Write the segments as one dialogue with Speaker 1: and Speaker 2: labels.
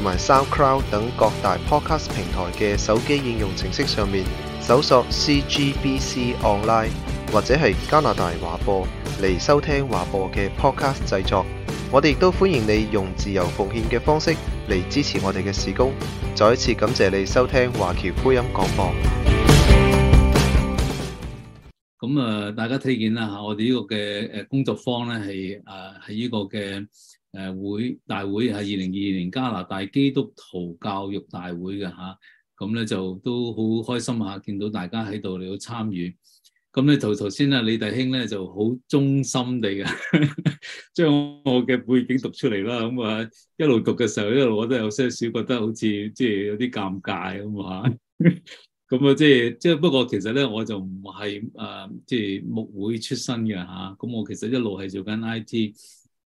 Speaker 1: 同埋 SoundCloud 等各大 Podcast 平台嘅手機應用程式上面搜索 CGBC Online 或者係加拿大華播嚟收聽華播嘅 Podcast 製作，我哋亦都歡迎你用自由奉獻嘅方式嚟支持我哋嘅事工。再一次感謝你收聽華僑福音廣播。咁啊、呃，大家睇見啦吓，我哋呢個嘅誒工作坊咧係誒，喺、呃、呢個嘅。誒會大會係二零二二年加拿大基督徒教育大會嘅嚇，咁咧就都好開心嚇，見到大家喺度嚟到參與。咁咧頭頭先啊李弟兄咧就好忠心地嘅，將我嘅背景讀出嚟啦。咁啊一路讀嘅時候，一路我都有些少覺得好似即係有啲尷尬咁嚇。咁啊即係即係不過其實咧我就唔係誒即係牧會出身嘅嚇，咁我其實一路係做緊 IT。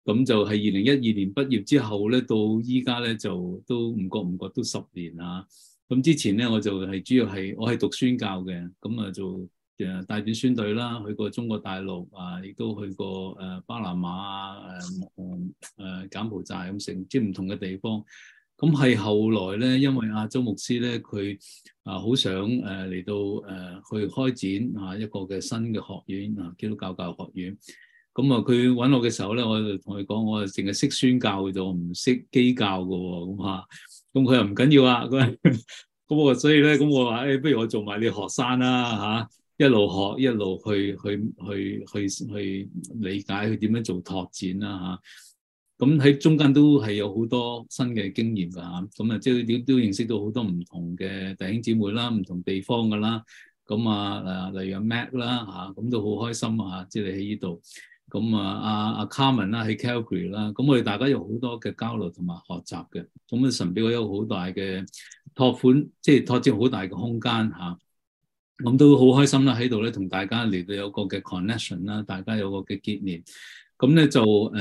Speaker 1: 咁就係二零一二年畢業之後咧，到依家咧就都唔覺唔覺都十年啦。咁之前咧，我就係主要係我係讀宣教嘅，咁啊就誒帶住宣隊啦，去過中國大陸啊，亦都去過誒巴拿馬、誒、啊、誒、嗯啊、柬埔寨咁成，即係唔同嘅地方。咁係後來咧，因為亞洲牧師咧，佢啊好想誒嚟到誒去開展啊一個嘅新嘅學院啊，基督教教育學院。咁啊，佢揾我嘅時候咧，我就同佢講，我淨係識宣教就唔識基教㗎喎，咁嚇。咁佢又唔緊要啊，咁啊，所以咧，咁我話，誒、哎，不如我做埋你學生啦，嚇、啊，一路學，一路去，去，去，去，去，去理解佢點樣做拓展啦，嚇、啊。咁喺中間都係有好多新嘅經驗㗎，嚇。咁啊，即係都都認識到好多唔同嘅弟兄姊妹啦，唔同地方㗎啦。咁啊，誒、啊，例如阿 Mac 啦、啊，嚇，咁都好開心啊，即係你喺呢度。咁啊，阿阿 Carmen 啦，喺 Calgary 啦，咁我哋大家有好多嘅交流同埋學習嘅，咁啊，神俾我有好大嘅託款，即係拓展好大嘅空間吓，咁都好開心啦喺度咧，同大家嚟到有個嘅 connection 啦，大家有個嘅結念，咁咧就誒，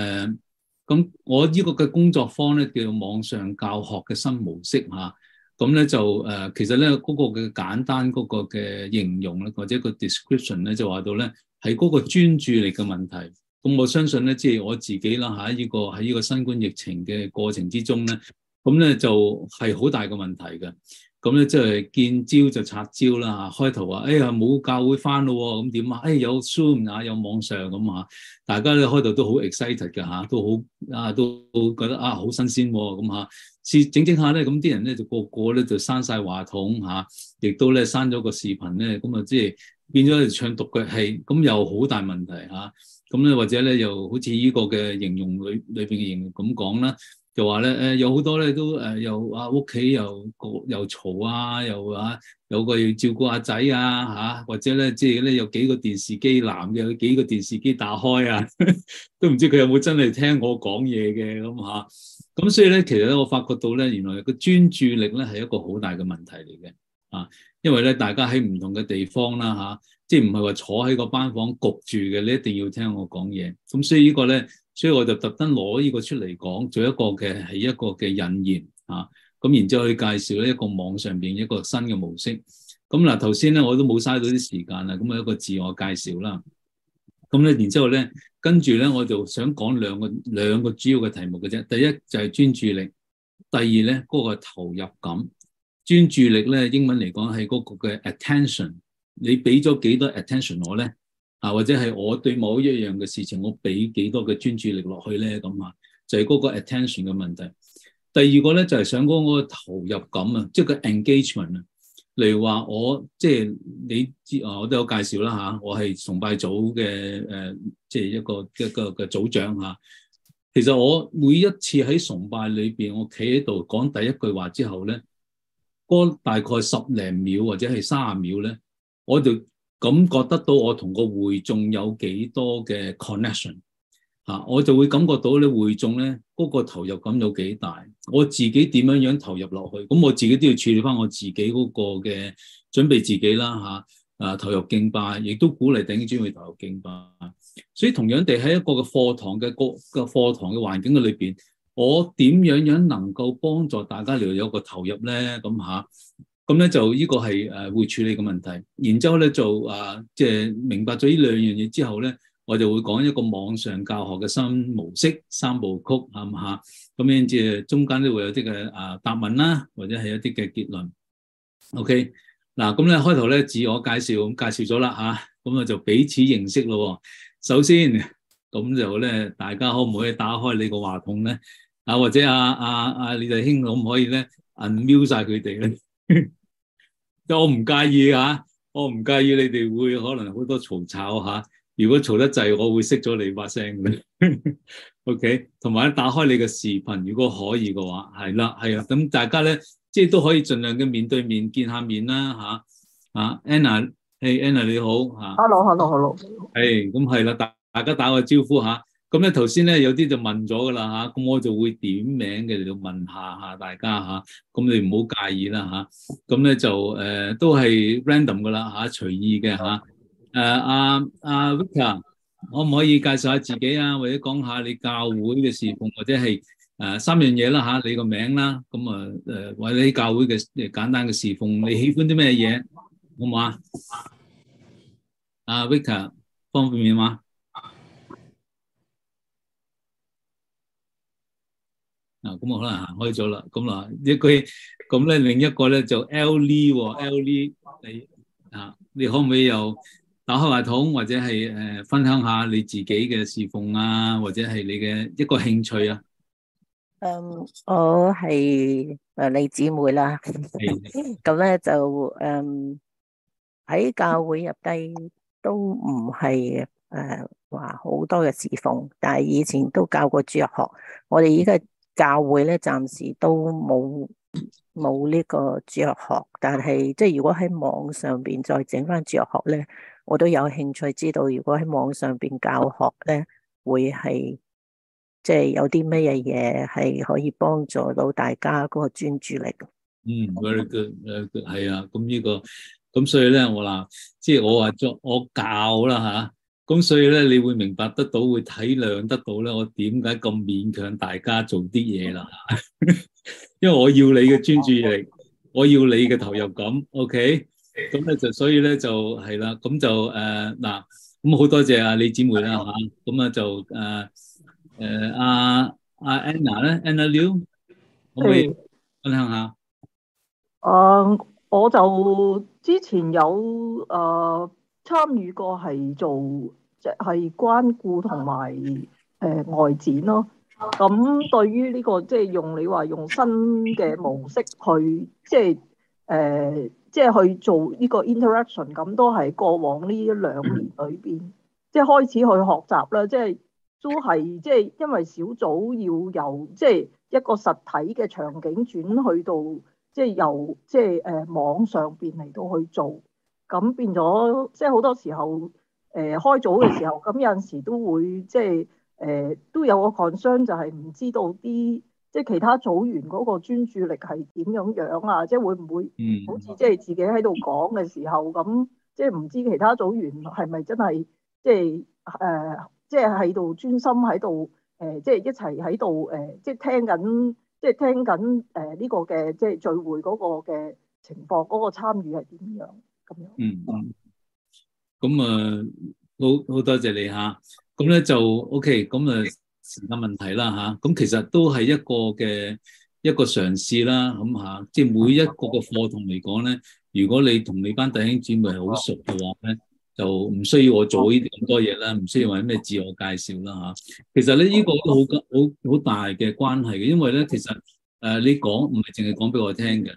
Speaker 1: 咁、呃、我呢個嘅工作坊咧叫做網上教學嘅新模式吓，咁、啊、咧就誒、呃，其實咧嗰、那個嘅簡單嗰個嘅形容咧，或者個 description 咧就話到咧。係嗰個專注力嘅問題，咁我相信咧，即係我自己啦嚇，依個喺呢個新冠疫情嘅過程之中咧，咁咧就係好大嘅問題嘅。咁咧即係見招就拆招啦嚇，開頭話，哎呀冇教會翻咯，咁點啊？哎，有 Zoom 呀，有網上咁嚇，大家咧開頭都好 excited 嘅嚇，都好啊都覺得啊好新鮮喎，咁嚇，試整整下咧，咁啲人咧就個個咧就閂晒話筒嚇，亦都咧閂咗個視頻咧，咁啊即係。變咗係唱獨腳戲，咁又好大問題吓。咁、啊、咧或者咧又好似呢個嘅形容裏裏邊嘅形容咁講啦，就話咧誒，有好多咧都誒又啊屋企又又嘈啊，又、呃、啊有，有，有，有，有個要照顧阿仔啊吓、啊，或者咧即係咧有幾個電視機男嘅，有幾個電視機打開啊，呵呵都唔知佢有冇真係聽我講嘢嘅咁吓。咁、啊、所以咧，其實咧我發覺到咧，原來個專注力咧係一個好大嘅問題嚟嘅。啊，因為咧，大家喺唔同嘅地方啦，吓，即係唔係話坐喺個班房焗住嘅，你一定要聽我講嘢。咁所以呢個咧，所以我就特登攞呢個出嚟講，做一個嘅係一個嘅引言啊。咁然之後去介紹咧一個網上邊一個新嘅模式。咁嗱，頭先咧我都冇嘥到啲時間啊。咁啊，一個自我介紹啦。咁咧，然之後咧，跟住咧，我就想講兩個兩個主要嘅題目嘅啫。第一就係專注力，第二咧嗰個投入感。專注力咧，英文嚟講係嗰個嘅 attention。你俾咗幾多 attention 我咧？啊，或者係我對某一樣嘅事情，我俾幾多嘅專注力落去咧？咁啊，就係、是、嗰個 attention 嘅問題。第二個咧就係、是、想講嗰個投入感啊，即係個 engagement 啊。例如話我即係、就是、你知啊，我都有介紹啦吓，我係崇拜組嘅誒，即係一個一個嘅組長吓，其實我每一次喺崇拜裏邊，我企喺度講第一句話之後咧。大概十零秒或者係三十秒咧，我就感覺得到我同個會眾有幾多嘅 connection 嚇，我就會感覺到咧，會眾咧嗰個投入感有幾大，我自己點樣樣投入落去。咁我自己都要處理翻我自己嗰個嘅準備自己啦嚇，啊投入敬拜，亦都鼓勵頂住去投入敬拜，所以同樣地喺一個嘅課堂嘅個個課堂嘅環境嘅裏邊。我點樣樣能夠幫助大家嚟有一個投入咧？咁嚇，咁咧就呢個係誒會處理嘅問題。然後呢、啊就是、之後咧就啊，即係明白咗呢兩樣嘢之後咧，我就會講一個網上教學嘅新模式三部曲，係咪啊？咁跟住中間都會有啲嘅啊答問啦，或者係一啲嘅結論。OK，嗱咁咧開頭咧自我介紹咁介紹咗啦嚇，咁啊就彼此認識咯。首先咁就咧，大家可唔可以打開你個話筒咧？啊，或者阿阿阿李大兄可唔可以咧，unmute 曬佢哋
Speaker 2: 咧？
Speaker 1: 我唔介意啊，我唔介意你哋會可能好多嘈吵嚇、啊。如果嘈得滯，我會熄咗你把聲。OK，同埋咧，打開你嘅視頻，如果可以嘅話，係啦，係啊。咁大家咧，即係都可以盡量嘅面對面見下面啦，吓。啊，Anna，係、hey, Anna 你好，吓 hello, hello, hello.、hey, 啊。
Speaker 2: Hello，hello，hello。
Speaker 1: 係，咁係啦，大大家打個招呼吓。咁咧頭先咧有啲就問咗噶啦嚇，咁我就會點名嘅嚟到問下下大家嚇，咁你唔好介意啦嚇。咁咧就誒、呃、都係 random 噶啦嚇，隨意嘅嚇。誒阿阿 Vicar 可唔可以介紹下自己下、呃、啊，啊？或者講下你教會嘅事奉，或者係誒三樣嘢啦嚇，你個名啦，咁啊誒或者喺教會嘅簡單嘅事奉，你喜歡啲咩嘢好冇啊？阿 Vicar 方便面話嗱，咁我可能行開咗啦。咁啊，一句咁咧，另一個咧就 L Lee 喎，L Lee 你啊，你可唔可以又打開話筒，或者係誒分享下你自己嘅侍奉啊，或者係你嘅一個興趣啊？
Speaker 3: 嗯，我係誒李姊妹啦。咁咧就誒喺教會入低都唔係誒話好多嘅侍奉，但係以前都教過主日學。我哋依家。教會咧，暫時都冇冇呢個著學，但係即係如果喺網上邊再整翻著學咧，我都有興趣知道，如果喺網上邊教學咧，會係即係有啲咩嘢嘢係可以幫助到大家嗰個專注
Speaker 1: 力。嗯，very good，誒係啊，咁呢、這個咁所以咧，我啦，即係我話做我教啦嚇。啊。咁所以咧，你會明白得到，會體諒得到咧，我點解咁勉強大家做啲嘢啦？因為我要你嘅專注力，我要你嘅投入感，OK？咁咧就，所以咧就係啦，咁就誒嗱，咁好多謝啊李姊妹啦嚇，咁啊就誒誒阿阿 Anna 咧，Anna Liu，可唔可以分享下？
Speaker 2: 啊，我就之前有誒。參與過係做即係關顧同埋誒外展咯。咁對於呢個即係用你話用新嘅模式去即係誒即係去做呢個 interaction，咁都係過往呢一兩年裏邊即係開始去學習啦。即係都係即係因為小組要由即係一個實體嘅場景轉去到即係由即係誒網上邊嚟到去做。咁變咗，即係好多時候，誒、呃、開組嘅時候，咁有陣時都會即係誒、呃、都有個 concern，就係唔知道啲即係其他組員嗰個專注力係點樣樣啊？即係會唔會好似即係自己喺度講嘅時候咁，即係唔知其他組員係咪真係即係誒、呃、即係喺度專心喺度誒，即係一齊喺度誒，即係聽緊即係聽緊誒呢個嘅即係聚會嗰個嘅情況嗰、嗰個參與係點樣？
Speaker 1: 嗯，咁、okay，啊，好好多謝你吓，咁咧就 OK，咁啊時間問題啦吓，咁其實都係一個嘅一個嘗試啦，咁、啊、吓，即係每一個嘅課堂嚟講咧，如果你同你班弟兄姊妹係好熟嘅話咧，就唔需要我做呢啲咁多嘢啦，唔需要話咩自我介紹啦吓，其實咧呢、這個都好好好大嘅關係嘅，因為咧其實誒、啊、你講唔係淨係講俾我聽嘅。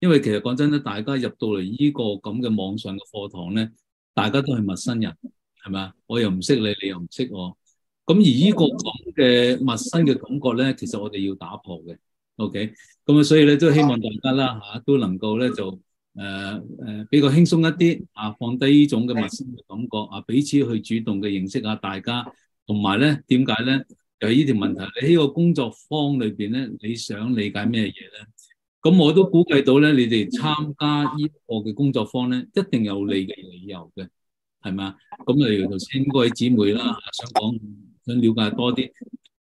Speaker 1: 因為其實講真咧，大家入到嚟呢個咁嘅網上嘅課堂咧，大家都係陌生人，係嘛？我又唔識你，你又唔識我。咁而呢個咁嘅陌生嘅感覺咧，其實我哋要打破嘅。OK，咁啊，所以咧都希望大家啦吓、啊、都能夠咧就誒誒、啊啊、比較輕鬆一啲啊，放低呢種嘅陌生嘅感覺啊，彼此去主動嘅認識下大家。同埋咧，點解咧？就呢、是、條問題，你喺個工作坊裏邊咧，你想理解咩嘢咧？咁我都估計到咧，你哋參加呢個嘅工作坊咧，一定有你嘅理由嘅，係咪？咁例如頭先嗰位姊妹啦，想講想了解多啲，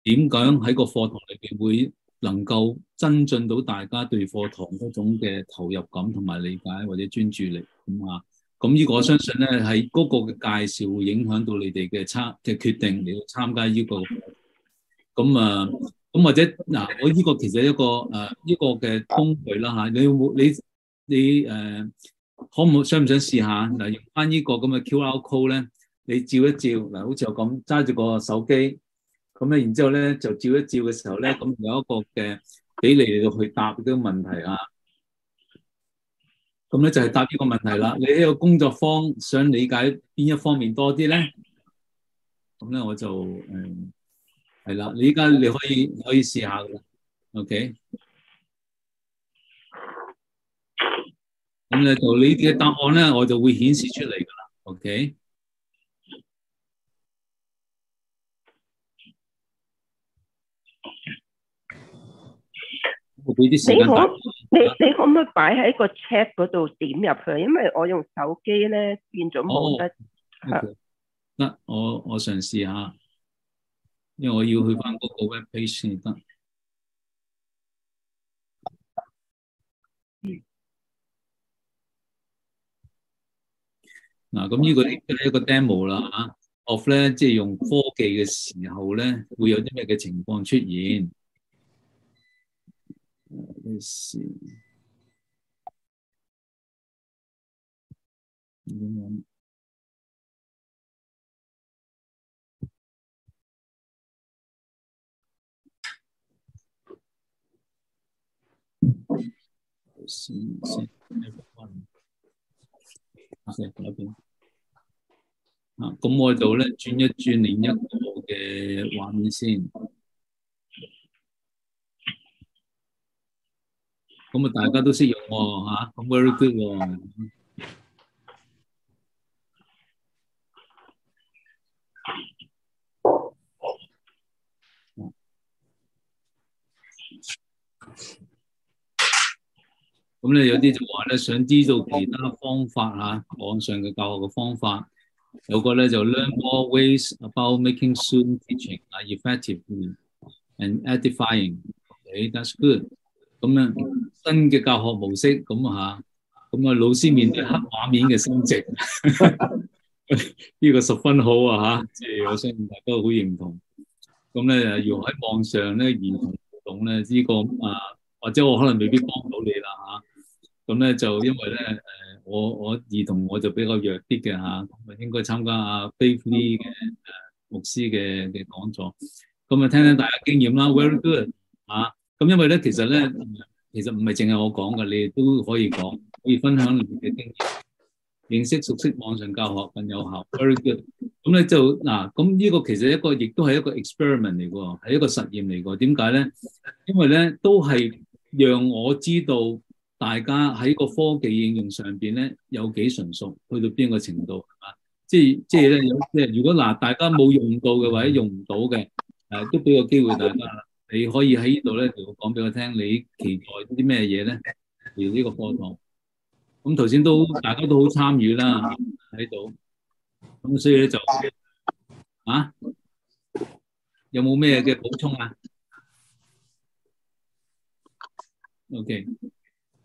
Speaker 1: 點解喺個課堂裏邊會能夠增進到大家對課堂嗰種嘅投入感同埋理解或者專注力咁啊？咁呢個我相信咧，喺嗰個嘅介紹會影響到你哋嘅參嘅決定你要參加呢個，咁啊。咁或者嗱，我、這、呢個其實一個誒依、呃呢個嘅工具啦嚇，你冇你你誒可唔可想唔想試下嗱？用翻呢個咁嘅 QR code 咧，你照一照嗱，好似我咁揸住個手機，咁咧然之後咧就照一照嘅時候咧，咁有一個嘅俾你嚟到去答呢個問題啊。咁咧就係答呢個問題啦。你呢個工作坊想理解邊一方面多啲咧？咁咧我就誒。嗯係啦，你依家你可以你可以試下噶啦，OK。咁咧就你嘅答案咧，我就會顯示出嚟噶啦，OK。俾啲。你
Speaker 2: 可你你可唔可以擺喺個 chat 嗰度點入去？因為我用手機咧變咗冇得。得、
Speaker 1: 哦 okay. 啊，我我嘗試下。因為我要去翻嗰個 webpage 先得。嗱、嗯，咁呢、啊、個呢個係一個 demo 啦嚇。off、啊、咧、啊，即係用科技嘅時候咧，會有啲咩嘅情況出現、嗯、Let's
Speaker 4: see.
Speaker 2: 先先，
Speaker 1: 啊！咁我度咧轉一轉另一個嘅畫面先。咁啊，大家都識用喎嚇，very good 喎。咁咧有啲就話咧，想知道其他方法嚇，網上嘅教學嘅方法。有個咧就 learn more ways about making soon teaching 啊，effective and edifying、okay？哎，That's good。咁樣新嘅教學模式，咁嚇，咁啊老師面對黑畫面嘅心情，呢 個十分好啊嚇，即係我相信大家好認同。咁咧要喺網上咧，兒童活動咧呢、呢個啊，或者我可能未必幫到你啦嚇。啊咁咧就因為咧，誒我我兒童我就比較弱啲嘅嚇，咁啊應該參加下 f a 嘅誒牧師嘅嘅講座，咁啊聽聽大家經驗啦，very good 嚇、啊。咁因為咧，其實咧，其實唔係淨係我講嘅，你都可以講，可以分享你嘅經驗，認識熟悉網上教學更有效，very good、啊。咁咧就嗱，咁、啊、呢個其實一個亦都係一個 experiment 嚟㗎，係一個實驗嚟㗎。點解咧？因為咧都係讓我知道。大家喺個科技應用上邊咧有幾純熟，去到邊個程度係嘛？即係即係咧有即係，如果嗱大家冇用到嘅或者用唔到嘅，誒都俾個機會大家啦。你可以喺呢度咧，就講俾我聽，你期待啲咩嘢咧？而呢個課堂，咁頭先都大家都好參與啦，喺度。咁所以咧就，啊，有冇咩嘅補充啊？OK。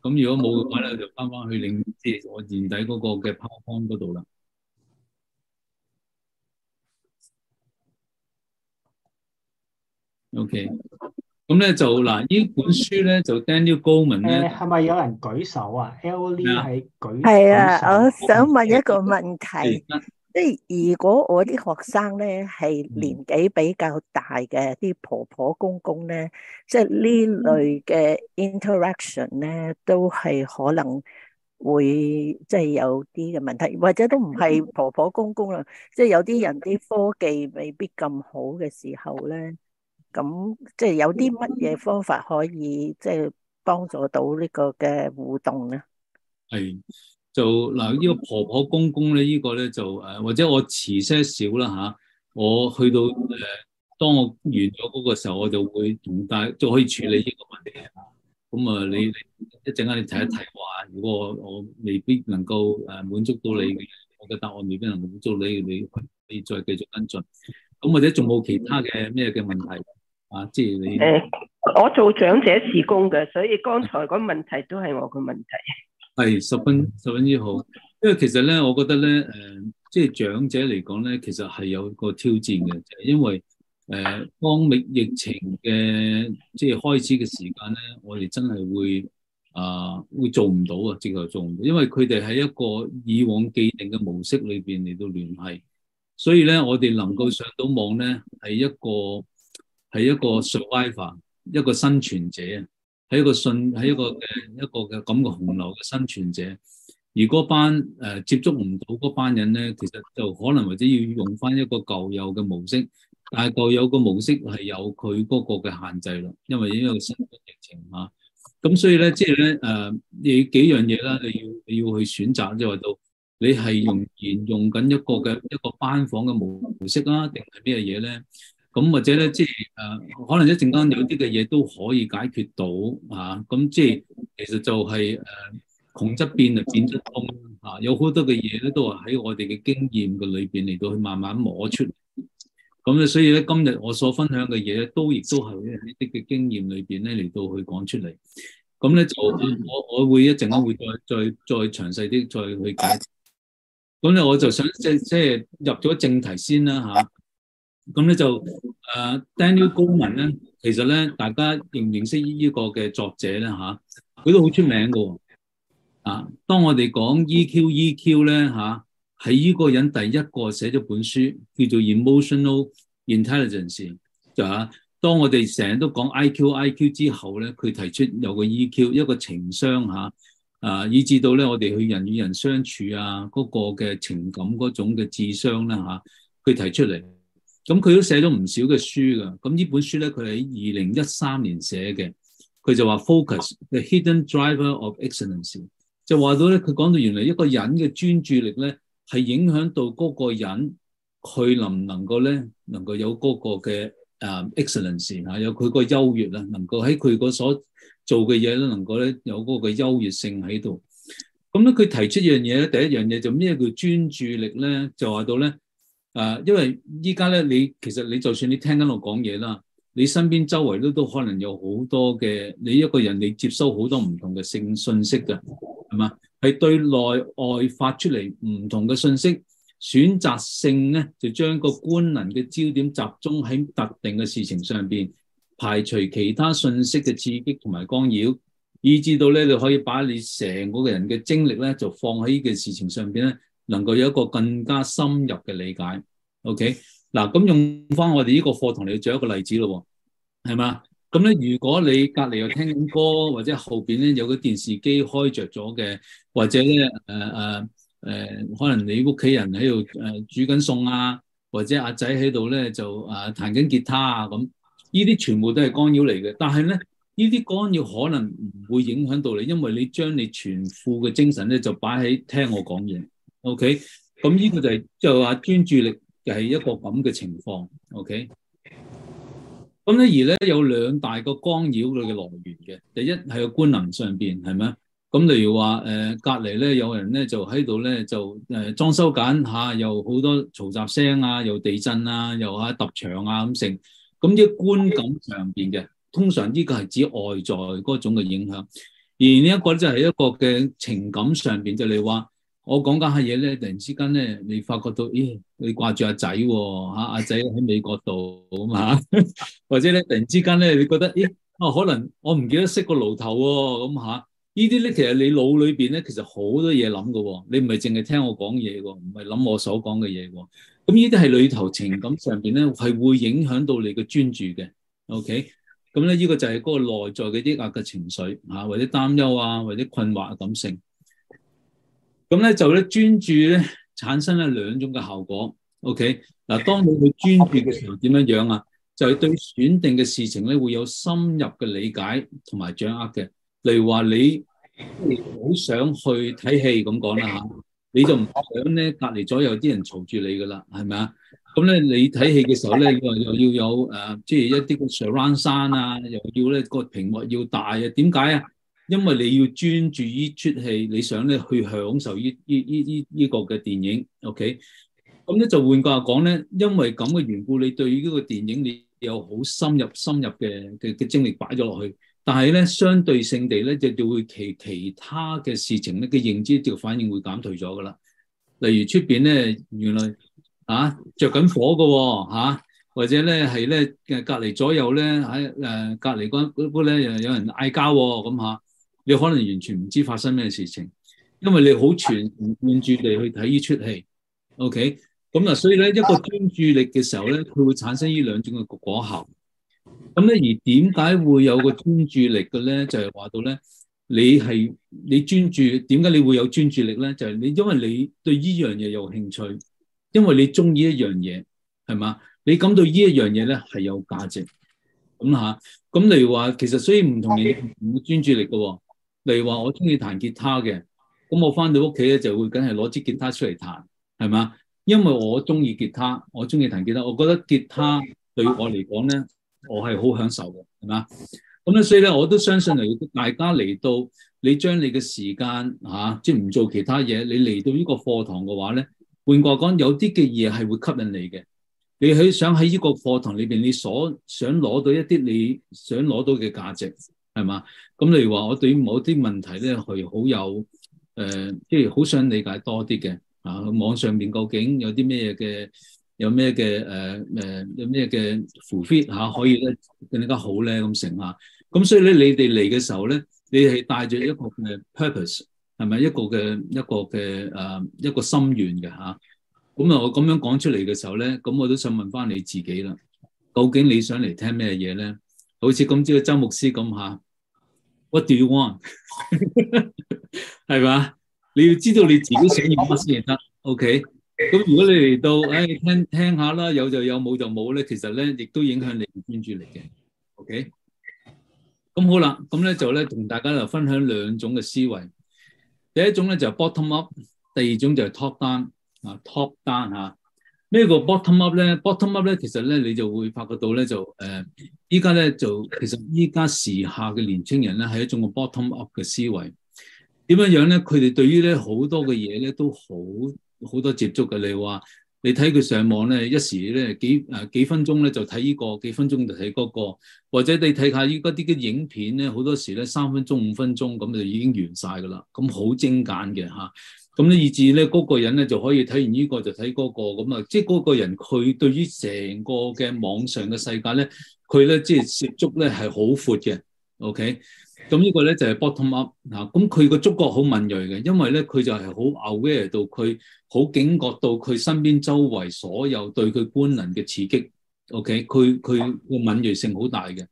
Speaker 1: 咁如果冇嘅話咧，就翻返去領，即係我現底嗰個嘅 PowerPoint 嗰度啦。OK，咁咧就嗱，呢本書咧就 Daniel Gorman 咧，係
Speaker 3: 咪有人舉手啊？Ellie 係
Speaker 2: 舉，係啊，我
Speaker 3: 想問一個問題。即係如果我啲學生咧係年紀比較大嘅啲婆婆公公咧，即係呢類嘅 interaction 咧，都係可能會即係有啲嘅問題，或者都唔係婆婆公公啦，即係有啲人啲科技未必咁好嘅時候咧，咁即係有啲乜嘢方法可以即係幫助到呢個嘅互動咧？
Speaker 1: 係。就嗱，呢、這個婆婆公公咧，這個、呢個咧就誒，或者我遲些少啦吓、啊，我去到誒，當我完咗嗰個時候，我就會同大都可以處理呢個問題啊。咁啊，你你一陣間你提一提話，如果我我未必能夠誒、啊、滿足到你嘅，我嘅答案未必能夠滿足你，你你再繼續跟進。咁、啊、或者仲冇其他嘅咩嘅問題啊？即係你，
Speaker 2: 我做長者事工嘅，所以剛才嗰問題都係我嘅問題。
Speaker 1: 係十分十分之好，因為其實咧，我覺得咧，誒、呃，即係長者嚟講咧，其實係有個挑戰嘅，就係因為誒、呃，當疫疫情嘅即係開始嘅時間咧，我哋真係會啊、呃，會做唔到啊，直頭做唔到，因為佢哋喺一個以往既定嘅模式裏邊嚟到聯繫，所以咧，我哋能夠上到網咧，係一個係一個 survivor，一個生存者。喺一個信，喺一個嘅一個嘅咁嘅洪流嘅生存者。而嗰班誒、呃、接觸唔到嗰班人咧，其實就可能或者要用翻一個舊有嘅模式，但係舊有嘅模式係有佢嗰個嘅限制啦，因為因為新嘅疫情啊，咁所以咧即係咧誒，你幾樣嘢啦，你要你要去選擇，即係話到你係用沿用緊一個嘅一個班房嘅模模式啦，定係咩嘢咧？咁或者咧，即係誒，可能一陣間有啲嘅嘢都可以解決到嚇。咁、啊嗯、即係其實就係、是、誒、呃，窮則變就變則通啊。有好多嘅嘢咧，都係喺我哋嘅經驗嘅裏邊嚟到去慢慢摸出嚟。咁、啊、咧，所以咧，今日我所分享嘅嘢咧，都亦都係喺呢啲嘅經驗裏邊咧嚟到去講出嚟。咁、啊、咧就我我會一陣間會再再再詳細啲再去解。咁咧我就想即即係入咗正題先啦嚇。啊。咁咧就誒、uh, Daniel Goleman 咧，其實咧大家認唔認識呢個嘅作者咧嚇？佢、啊、都好出名嘅喎、啊。啊，當我哋講 EQ、EQ 咧嚇，喺、啊、呢個人第一個寫咗本書叫做 Emotional Intelligence 就係、啊、當我哋成日都講 IQ、IQ 之後咧，佢提出有個 EQ 一個情商嚇、啊，啊，以至到咧我哋去人與人相處啊嗰、那個嘅情感嗰種嘅智商咧嚇，佢、啊啊、提出嚟。咁佢都寫咗唔少嘅書㗎，咁呢本書咧，佢喺二零一三年寫嘅，佢就話 Focus, the hidden driver of excellence，就話到咧，佢講到原嚟一個人嘅專注力咧，係影響到嗰個人佢能唔能夠咧，能夠有嗰個嘅誒、uh, excellence 嚇，有佢個優越啦，能夠喺佢嗰所做嘅嘢咧，能夠咧有嗰個優越性喺度。咁咧佢提出一樣嘢咧，第一樣嘢就咩叫專注力咧？就話到咧。誒，因為依家咧，你其實你就算你聽緊我講嘢啦，你身邊周圍都都可能有好多嘅，你一個人你接收好多唔同嘅性信息㗎，係嘛？係對內外發出嚟唔同嘅信息，選擇性咧就將個官能嘅焦點集中喺特定嘅事情上邊，排除其他信息嘅刺激同埋干擾，以至到咧你可以把你成個人嘅精力咧就放喺呢件事情上邊咧。能夠有一個更加深入嘅理解，OK 嗱，咁用翻我哋呢個課堂嚟做一個例子咯，係嘛？咁咧，如果你隔籬又聽緊歌，或者後邊咧有個電視機開着咗嘅，或者咧誒誒誒，可能你屋企人喺度誒煮緊餸啊，或者阿仔喺度咧就誒彈緊吉他啊，咁呢啲全部都係干擾嚟嘅。但係咧，呢啲干擾可能唔會影響到你，因為你將你全副嘅精神咧就擺喺聽我講嘢。OK，咁呢個就係即係話專注力就係一個咁嘅情況。OK，咁咧而咧有兩大個干擾嘅來源嘅，第一係個官能上邊，係咩、呃呃？啊？咁例如話誒隔離咧有人咧就喺度咧就誒裝修緊下，又好多嘈雜聲啊，又地震啊，又啊塌牆啊咁成。咁啲、嗯這個、官感上邊嘅，通常呢個係指外在嗰種嘅影響。而呢一個咧就係一個嘅情感上邊，就是、你話。我講緊下嘢咧，突然之間咧，你發覺到，咦、哎，你掛住阿仔喎，吓阿仔喺美國度啊嘛， 或者咧突然之間咧，你覺得，咦、哎，啊，可能我唔記得熄個爐頭喎、哦，咁吓，呢啲咧其實你腦裏邊咧，其實好多嘢諗噶，你唔係淨係聽我講嘢，唔係諗我所講嘅嘢，咁呢啲係裏頭情感上邊咧，係會影響到你嘅專注嘅，OK，咁咧呢個就係嗰個內在嘅抑壓嘅情緒，吓或者擔憂啊，或者困惑啊，困惑啊感性。咁咧就咧專注咧產生咗兩種嘅效果，OK 嗱，當你去專注嘅時候，點樣樣啊？就係、是、對選定嘅事情咧會有深入嘅理解同埋掌握嘅。例如話你好想去睇戲咁講啦嚇，你就唔想咧隔離左右啲人嘈住你噶啦，係咪啊？咁咧你睇戲嘅時候咧又要有誒、呃，即係一啲嘅上山啊，san, 又要咧個屏幕要大啊，點解啊？因為你要專注於出戲，你想咧去享受呢依依依依個嘅電影，OK，咁咧就換句話講咧，因為咁嘅緣故，你對於呢個電影，你有好深入深入嘅嘅嘅精力擺咗落去，但係咧相對性地咧就就會其其他嘅事情咧嘅認知條、這個、反應會減退咗噶啦，例如出邊咧原來啊着緊火噶吓、哦啊，或者咧係咧誒隔籬左右咧喺誒隔籬嗰嗰呢又有人嗌交咁吓。啊你可能完全唔知發生咩事情，因為你好全專注地去睇呢出戲，OK？咁啊，所以咧一個專注力嘅時候咧，佢會產生呢兩種嘅果效。咁、嗯、咧，而點解會有個專注力嘅咧？就係、是、話到咧，你係你專注，點解你會有專注力咧？就係、是、你因為你對呢樣嘢有興趣，因為你中意一樣嘢，係嘛？你感到呢一樣嘢咧係有價值，咁、嗯、嚇。咁、啊嗯、例如話，其實雖然唔同嘢唔專注力嘅喎、哦。例如話，我中意彈吉他嘅，咁我翻到屋企咧就會梗係攞支吉他出嚟彈，係嘛？因為我中意吉他，我中意彈吉他，我覺得吉他對我嚟講咧，我係好享受嘅，係嘛？咁咧，所以咧，我都相信嚟大家嚟到你將你嘅時間嚇、啊，即係唔做其他嘢，你嚟到呢個課堂嘅話咧，換句講，有啲嘅嘢係會吸引你嘅。你喺想喺呢個課堂裏邊，你所想攞到一啲你想攞到嘅價值。係嘛？咁例如話，我對於某啲問題咧，係好有誒，即係好想理解多啲嘅。啊，網上面究竟有啲咩嘅，有咩嘅誒誒，有咩嘅 fit 吓，啊、可以咧更加好咧咁成吓。咁所以咧，你哋嚟嘅時候咧，你係帶住一個嘅 purpose，係咪一個嘅一個嘅誒、啊、一個心願嘅吓？咁啊，我咁樣講出嚟嘅時候咧，咁我都想問翻你自己啦，究竟你想嚟聽咩嘢咧？好似今朝嘅周牧師咁吓。What do you want？係 嘛？你要知道你自己想要乜先得。OK。咁如果你嚟到，唉、哎，聽聽下啦，有就有，冇就冇咧。其實咧，亦都影響你嘅專注力嘅。OK。咁好啦，咁咧就咧同大家又分享兩種嘅思維。第一種咧就係 bottom up，第二種就係 top, top down。啊，top down 吓。呢個 bottom up 咧，bottom up 咧，其實咧，你就會發覺到咧，就誒，依家咧就其實依家時下嘅年青人咧，係一種個 bottom up 嘅思維。點樣樣咧？佢哋對於咧好多嘅嘢咧，都好好多接觸嘅。你話你睇佢上網咧，一時咧幾誒、呃、幾分鐘咧就睇呢個，幾分鐘就睇嗰個，或者你睇下依家啲嘅影片咧，好多時咧三分鐘五分鐘咁就已經完晒噶啦，咁好精簡嘅嚇。咁咧，以至咧，嗰個人咧就可以睇完呢個就睇嗰個，咁、就是就是 okay? 啊，即係嗰個人佢對於成個嘅網上嘅世界咧，佢咧即係涉足咧係好闊嘅，OK。咁呢個咧就係 bottom up 嗱，咁佢個觸覺好敏鋭嘅，因為咧佢就係好 aware 到佢好警覺到佢身邊周圍所有對佢官能嘅刺激，OK。佢佢個敏鋭性好大嘅。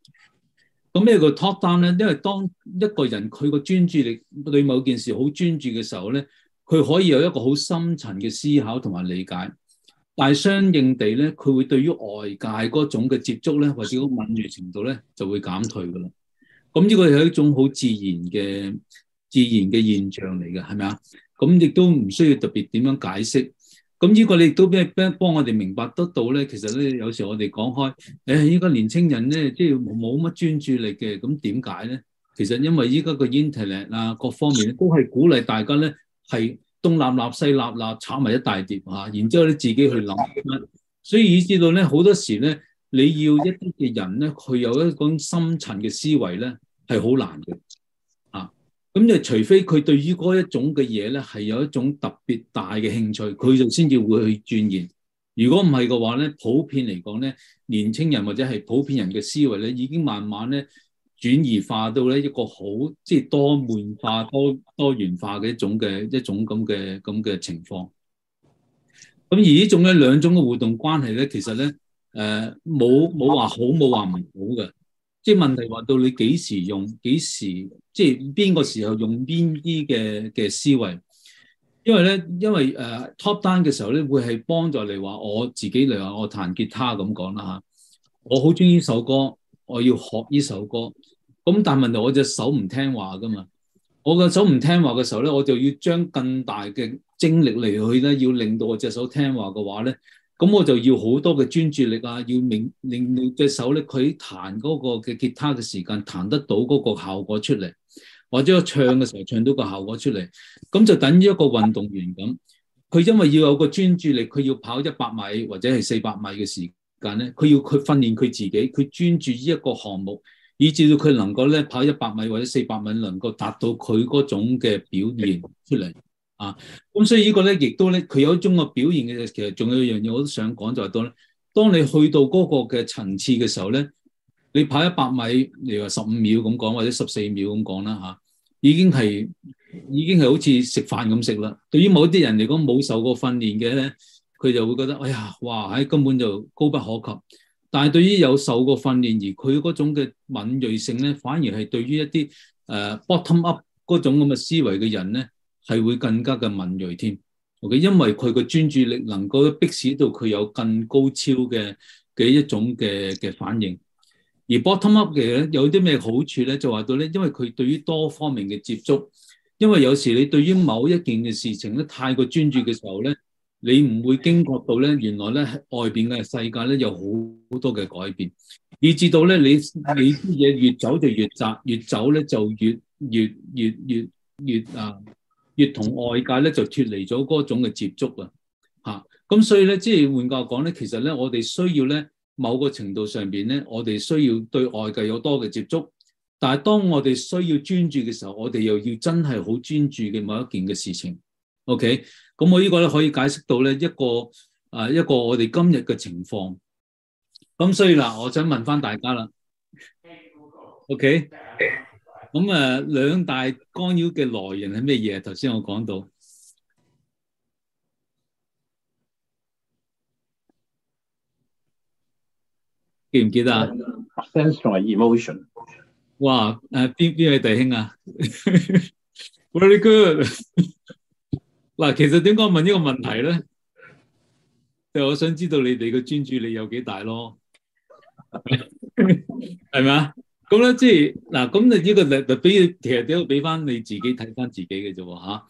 Speaker 1: 咁呢個 top down 咧，因為當一個人佢個專注力對某件事好專注嘅時候咧，佢可以有一個好深層嘅思考同埋理解，但係相應地咧，佢會對於外界嗰種嘅接觸咧，或者好敏銳程度咧，就會減退噶啦。咁、嗯、呢、呢個係一種好自然嘅自然嘅現象嚟嘅，係咪啊？咁、嗯、亦都唔需要特別點樣解釋。咁、嗯、呢、呢個你亦都俾俾幫我哋明白得到咧，其實咧有時我哋講開，誒依家年青人咧，即係冇乜專注力嘅，咁點解咧？其實因為依家個 internet 啊，各方面咧都係鼓勵大家咧係。東納立西立立，炒埋一大碟吓，然之後你自己去諗。所以以至到咧好多時咧，你要一啲嘅人咧，佢有一種深層嘅思維咧，係好難嘅啊。咁就除非佢對於嗰一種嘅嘢咧，係有一種特別大嘅興趣，佢就先至會去鑽研。如果唔係嘅話咧，普遍嚟講咧，年青人或者係普遍人嘅思維咧，已經慢慢咧。轉移化到咧一個好即係多門化、多多元化嘅一種嘅一種咁嘅咁嘅情況。咁而呢種咧兩種嘅互動關係咧，其實咧誒冇冇話好冇話唔好嘅，即係問題話到你幾時用幾時即係邊個時候用邊啲嘅嘅思維。因為咧因為誒、uh, top down 嘅時候咧會係幫助你話我自己嚟話我彈吉他咁講啦嚇，我好中意呢首歌，我要學呢首歌。咁但係問題，我隻手唔聽話噶嘛，我嘅手唔聽話嘅時候咧，我就要將更大嘅精力嚟，去咧，要令到我隻手聽話嘅話咧，咁我就要好多嘅專注力啊，要令令你隻手咧，佢彈嗰個嘅吉他嘅時間彈得到嗰個效果出嚟，或者我唱嘅時候唱到個效果出嚟，咁就等於一個運動員咁，佢因為要有個專注力，佢要跑一百米或者係四百米嘅時間咧，佢要佢訓練佢自己，佢專注呢一個項目。以至到佢能夠咧跑一百米或者四百米，能夠達到佢嗰種嘅表現出嚟啊！咁所以個呢個咧，亦都咧，佢有一種嘅表現嘅。其實仲有一樣嘢，我都想講就係當咧，當你去到嗰個嘅層次嘅時候咧，你跑一百米，例如話十五秒咁講，或者十四秒咁講啦嚇，已經係已經係好似食飯咁食啦。對於某啲人嚟講，冇受過訓練嘅咧，佢就會覺得，哎呀，哇，喺根本就高不可及。但係對於有受過訓練而佢嗰種嘅敏鋭性咧，反而係對於一啲誒、uh, bottom up 嗰種咁嘅思維嘅人咧，係會更加嘅敏鋭添。OK，因為佢嘅專注力能夠迫使到佢有更高超嘅嘅一種嘅嘅反應。而 bottom up 嘅咧有啲咩好處咧？就話到咧，因為佢對於多方面嘅接觸，因為有時你對於某一件嘅事情咧，太過專注嘅時候咧。你唔會驚覺到咧，原來咧外邊嘅世界咧有好多嘅改變，以至到咧你你啲嘢越走就越窄，越走咧就越越越越越啊越同外界咧就脫離咗嗰種嘅接觸啊吓，咁所以咧即係換句講咧，其實咧我哋需要咧某個程度上邊咧，我哋需要對外界有多嘅接觸，但係當我哋需要專注嘅時候，我哋又要真係好專注嘅某一件嘅事情。OK，咁我呢個咧可以解釋到咧一個啊一個我哋今日嘅情況。咁所以嗱，我想問翻大家啦。OK，咁啊，兩大干擾嘅來源係咩嘢？頭先我講到記唔記得啊？Sense 同埋 emotion。哇！誒邊邊位弟兄啊？Very good。嗱，其實點解我問呢個問題咧，就係、我想知道你哋嘅專注力有幾大咯，係咪啊？咁咧即係嗱，咁你呢個就就俾，其實點都俾翻你自己睇翻自己嘅啫喎嚇。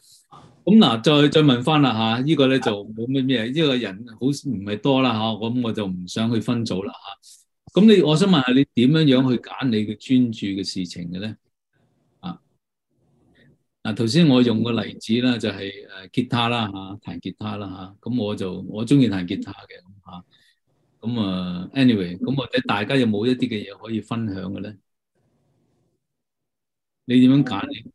Speaker 1: 咁嗱，再再問翻啦嚇，呢個、呢個咧就冇咩咩，呢個人好唔係多啦嚇。咁我就唔想去分組啦嚇。咁你，我想問下你點樣樣去揀你嘅專注嘅事情嘅咧？嗱，頭先我用個例子啦，就係誒吉他啦嚇，彈吉他啦嚇，咁我就我中意彈吉他嘅咁嚇，咁啊，anyway，咁或者大家有冇一啲嘅嘢可以分享嘅咧？你點樣揀？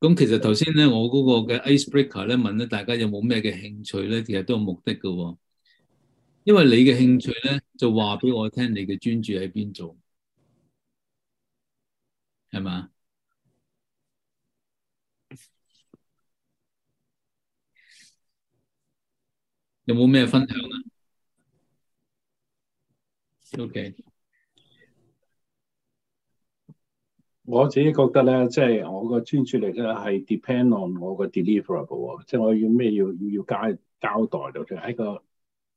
Speaker 1: 咁其實頭先咧，我嗰個嘅 icebreaker 咧問咧大家有冇咩嘅興趣咧，其實都有目的嘅喎，因為你嘅興趣咧就話俾我聽你專，你嘅專注喺邊做。係嘛？有冇咩分享啊？O K，我自己覺得咧，即係我個專注力咧係 depend on 我個 deliverable，即係我要咩要要交代到，即係喺個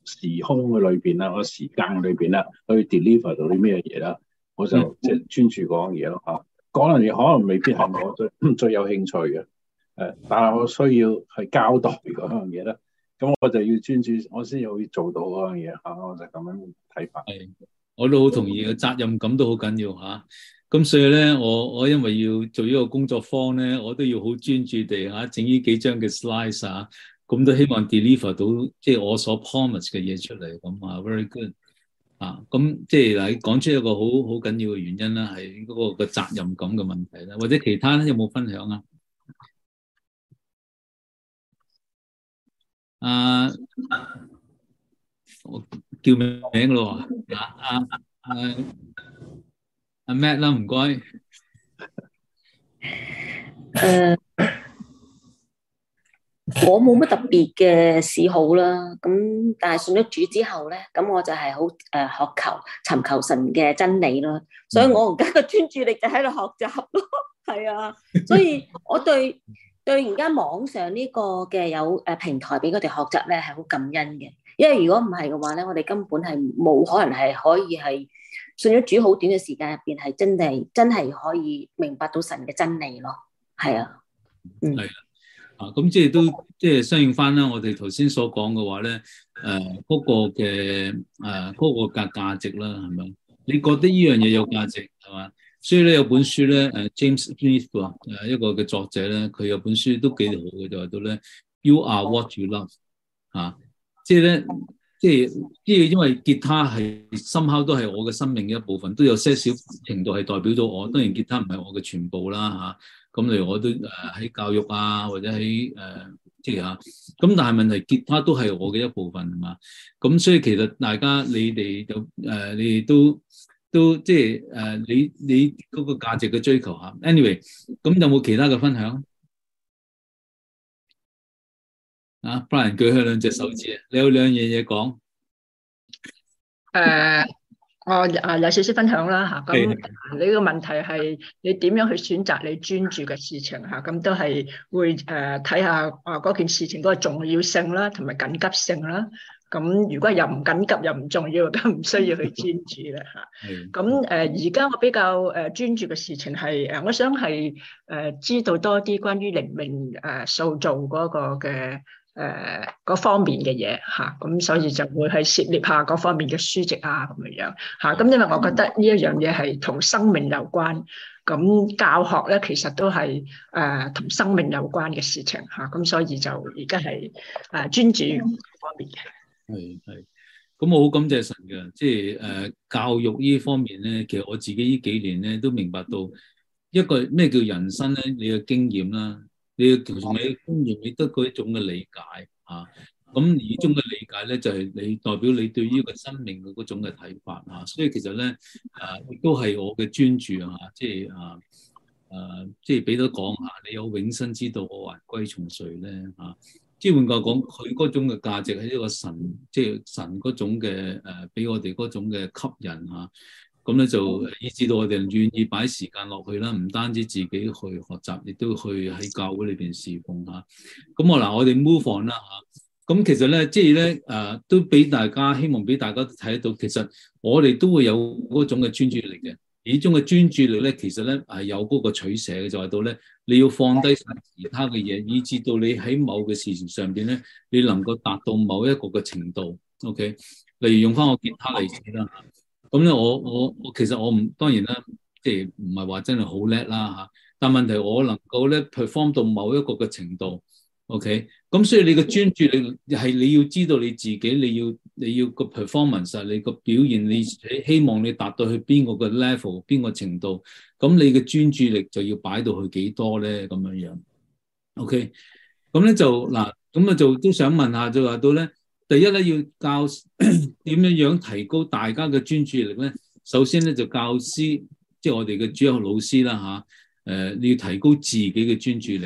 Speaker 1: 時空嘅裏邊啦，那個時間嘅裏邊啦，去 deliver 到啲咩嘢啦，我就即係專注講嘢咯吓。嗯啊可能，嘢可能未必係我最最有興趣嘅，誒，但係我需要去
Speaker 2: 交代嗰樣嘢啦。咁我就要專注，我先可以做到嗰樣嘢嚇，我就咁樣睇法。
Speaker 1: 我都好同意嘅，嗯、責任感都好緊要嚇。咁所以咧，我我因為要做呢個工作坊咧，我都要好專注地嚇整呢幾張嘅 slide 嚇，咁都希望 deliver 到即係、就是、我所 promise 嘅嘢出嚟。好啊 very good。啊，咁即係嗱，講出一個好好緊要嘅原因啦，係嗰、嗰個個責任感嘅問題啦，或者其他有冇分享啊？啊、uh，我叫咩名咯？啊啊啊，阿 Matt 啦，唔該。誒。
Speaker 3: 我冇乜特別嘅嗜好啦，咁但係信咗主之後咧，咁我就係好誒，渴、呃、求尋求神嘅真理咯。所以我而家嘅專注力就喺度學
Speaker 2: 習咯，
Speaker 5: 係啊。
Speaker 3: 所以我對 對而家網上呢個嘅有誒平台俾佢哋學習咧，係好感恩嘅。因為如果唔係嘅話咧，我哋根本係
Speaker 1: 冇可能係可
Speaker 3: 以係信咗主好短嘅時間入邊係真係真係可以明白到神嘅真理咯。
Speaker 1: 係啊，嗯。啊，咁即係都即係、就是、相應翻啦，我哋頭先所講嘅話咧，誒、那個，嗰、呃那個嘅誒，嗰個價價值啦，係咪？你覺得呢樣嘢有價值係嘛？所以咧有本書咧，誒，James Smith 啊，誒、啊，一個嘅作者咧，佢有本書都幾好嘅，就係到咧，You are what you love，吓，即係咧，即、就、係、是，即、就、係、是、因為吉他係深刻都係我嘅生命嘅一部分，都有些少程度係代表咗我，當然吉他唔係我嘅全部啦，吓、啊。咁你我都誒喺教育啊，或者喺誒即係啊。咁、呃、但係問題吉他都係我嘅一部分啊嘛，咁所以其實大家你哋就誒、呃、你哋都都即係誒你你嗰個價值嘅追求嚇。Anyway，咁有冇其他嘅分享啊、uh？Brian 舉起兩隻手指啊，你有兩樣嘢講。
Speaker 2: 誒、uh。我啊有少少分享啦嚇，咁你個問題係你點樣去選擇你專注嘅事情嚇？咁、啊、都係會誒睇下啊嗰件事情嗰個重要性啦，同埋緊急性啦。咁、啊、如果又唔緊急又唔重要，都唔需要去專注啦嚇。咁誒而家我比較誒、呃、專注嘅事情係誒，我想係誒、呃、知道多啲關於靈命誒、呃、塑造嗰個嘅。誒，嗰方面嘅嘢吓，咁所以就會去涉獵下嗰方面嘅書籍啊，咁樣樣吓。咁因為我覺得呢一樣嘢係同生命有關，咁教學咧其實都係誒同生命有關嘅事情吓。咁所以就而家係誒專注呢
Speaker 1: 方面嘅。係係，咁我好感謝神嘅，即係誒教育呢方面咧，其實我自己呢幾年咧都明白到一個咩叫人生咧，你嘅經驗啦。你要調你，尊重你得嗰一種嘅理解嚇。咁、啊、以中嘅理解咧，就係、是、你代表你對於個生命嘅嗰種嘅睇法嚇、啊。所以其實咧，誒亦都係我嘅專注嚇，即係誒誒，即係俾到講下，你有永生之道，我還歸從誰咧嚇？即、啊、係換句講，佢嗰種嘅價值係一個神，即、就、係、是、神嗰種嘅誒，俾、啊、我哋嗰種嘅吸引嚇。啊。咁咧就以致到我哋願意擺時間落去啦，唔單止自己去學習，亦都去喺教會裏邊侍奉嚇。咁我嗱，我哋 move on 啦嚇。咁其實咧，即係咧，誒、呃、都俾大家希望俾大家睇到，其實我哋都會有嗰種嘅專注力嘅。其中嘅專注力咧，其實咧係有嗰個取捨嘅，就係、是、到咧你要放低晒其他嘅嘢，以致到你喺某嘅事情上邊咧，你能夠達到某一個嘅程度。OK。例如用翻個吉他嚟啦。咁咧，我我我其實我唔當然啦，即係唔係話真係好叻啦嚇。但問題我能夠咧 perform 到某一個嘅程度，OK。咁所以你嘅專注力係你要知道你自己，你要你要個 performance，你個表現，你希望你達到去邊個嘅 level，邊個程度，咁你嘅專注力就要擺到去幾多咧咁樣樣。OK。咁咧就嗱，咁啊就都想問下，就話到咧。第一咧要教點樣樣提高大家嘅專注力咧，首先咧就教師，即、就、係、是、我哋嘅主校老師啦吓，誒、啊呃、要提高自己嘅專注力。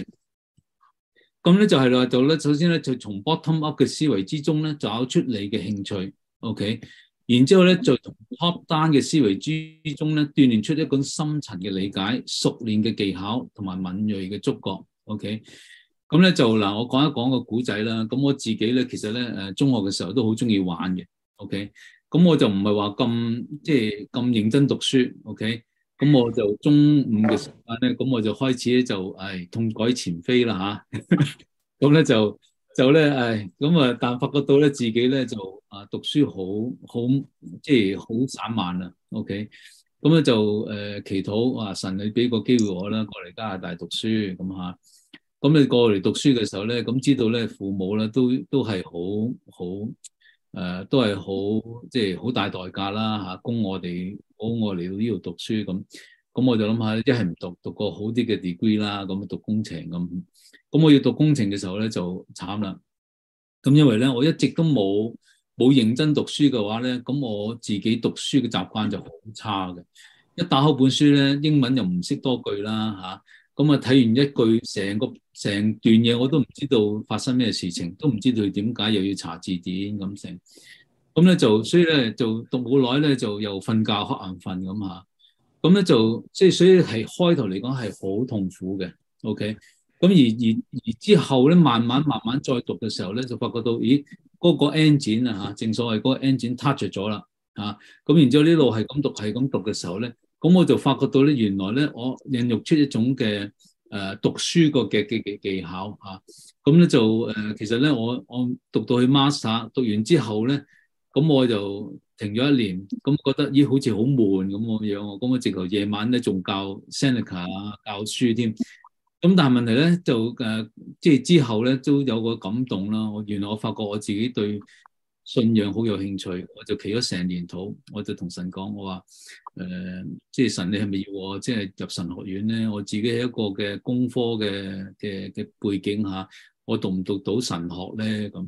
Speaker 1: 咁、嗯、咧就係話做咧，首先咧就從 bottom up 嘅思維之中咧找出你嘅興趣，OK，然之後咧就從 top down 嘅思維之中咧鍛煉出一種深層嘅理解、熟練嘅技巧同埋敏銳嘅觸覺，OK。咁咧就嗱，我講一講個古仔啦。咁我自己咧，其實咧誒、呃，中學嘅時候都好鍾意玩嘅。OK，咁我就唔係話咁即係咁認真讀書。OK，咁我就中五嘅時間咧，咁我就開始咧就誒、哎、痛改前非啦吓，咁咧就就咧誒咁啊， 哎、但係發覺到咧自己咧就啊讀書好好即係好散漫啊。OK，咁咧就誒、呃、祈禱啊，神你俾個機會我啦，過嚟加拿大讀書咁吓。咁你過嚟讀書嘅時候咧，咁知道咧父母咧都都係好好，誒、呃、都係好即係好大代價啦嚇，供我哋，供我嚟到呢度讀書咁。咁我就諗下，一係唔讀讀個好啲嘅 degree 啦，咁讀工程咁。咁我要讀工程嘅時候咧就慘啦。咁因為咧我一直都冇冇認真讀書嘅話咧，咁我自己讀書嘅習慣就好差嘅。一打開本書咧，英文又唔識多句啦嚇，咁啊睇完一句成個。成段嘢我都唔知道發生咩事情，都唔知道佢點解，又要查字典咁成。咁咧就所以咧就讀好耐咧就又瞓覺瞌眼瞓咁吓，咁咧就即係所以係開頭嚟講係好痛苦嘅，OK，咁而而而之後咧慢慢慢慢再讀嘅時候咧就發覺到，咦嗰，那個 engine 啊吓，正所謂嗰個 engine touch 咗啦吓，咁、啊、然之後呢度係咁讀係咁讀嘅時候咧，咁我就發覺到咧原來咧我孕育出一種嘅。誒讀書個嘅嘅嘅技巧嚇，咁、啊、咧就誒、呃，其實咧我我讀到去 Master，讀完之後咧，咁、嗯、我就停咗一年，咁、嗯、覺得咦好似好悶咁嘅樣，咁、嗯、我直頭夜晚咧仲教 Seneca 教書添，咁、啊、但係問題咧就誒，即、啊、係、就是、之後咧都有個感動啦，我原來我發覺我自己對信仰好有興趣，我就企咗成年土，我就同神講，我話誒、呃，即係神你係咪要我即係入神學院咧？我自己係一個嘅工科嘅嘅嘅背景下，我讀唔讀到神學咧？咁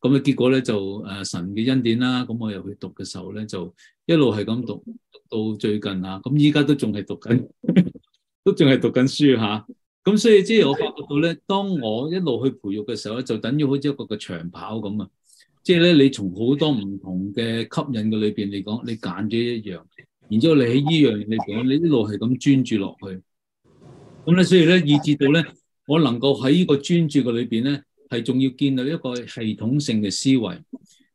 Speaker 1: 咁咧結果咧就誒、呃、神嘅恩典啦。咁我又去讀嘅時候咧，就一路係咁讀到最近啊。咁依家都仲係讀緊，都仲係讀緊書吓。咁所以即係我發覺到咧，當我一路去培育嘅時候咧，就等於好似一個嘅長跑咁啊。即係咧，你從好多唔同嘅吸引嘅裏邊嚟講，你揀咗一樣，然之後你喺呢樣嚟講，你一路係咁專注落去，咁咧，所以咧，以至到咧，我能夠喺呢個專注嘅裏邊咧，係仲要建立一個系統性嘅思維，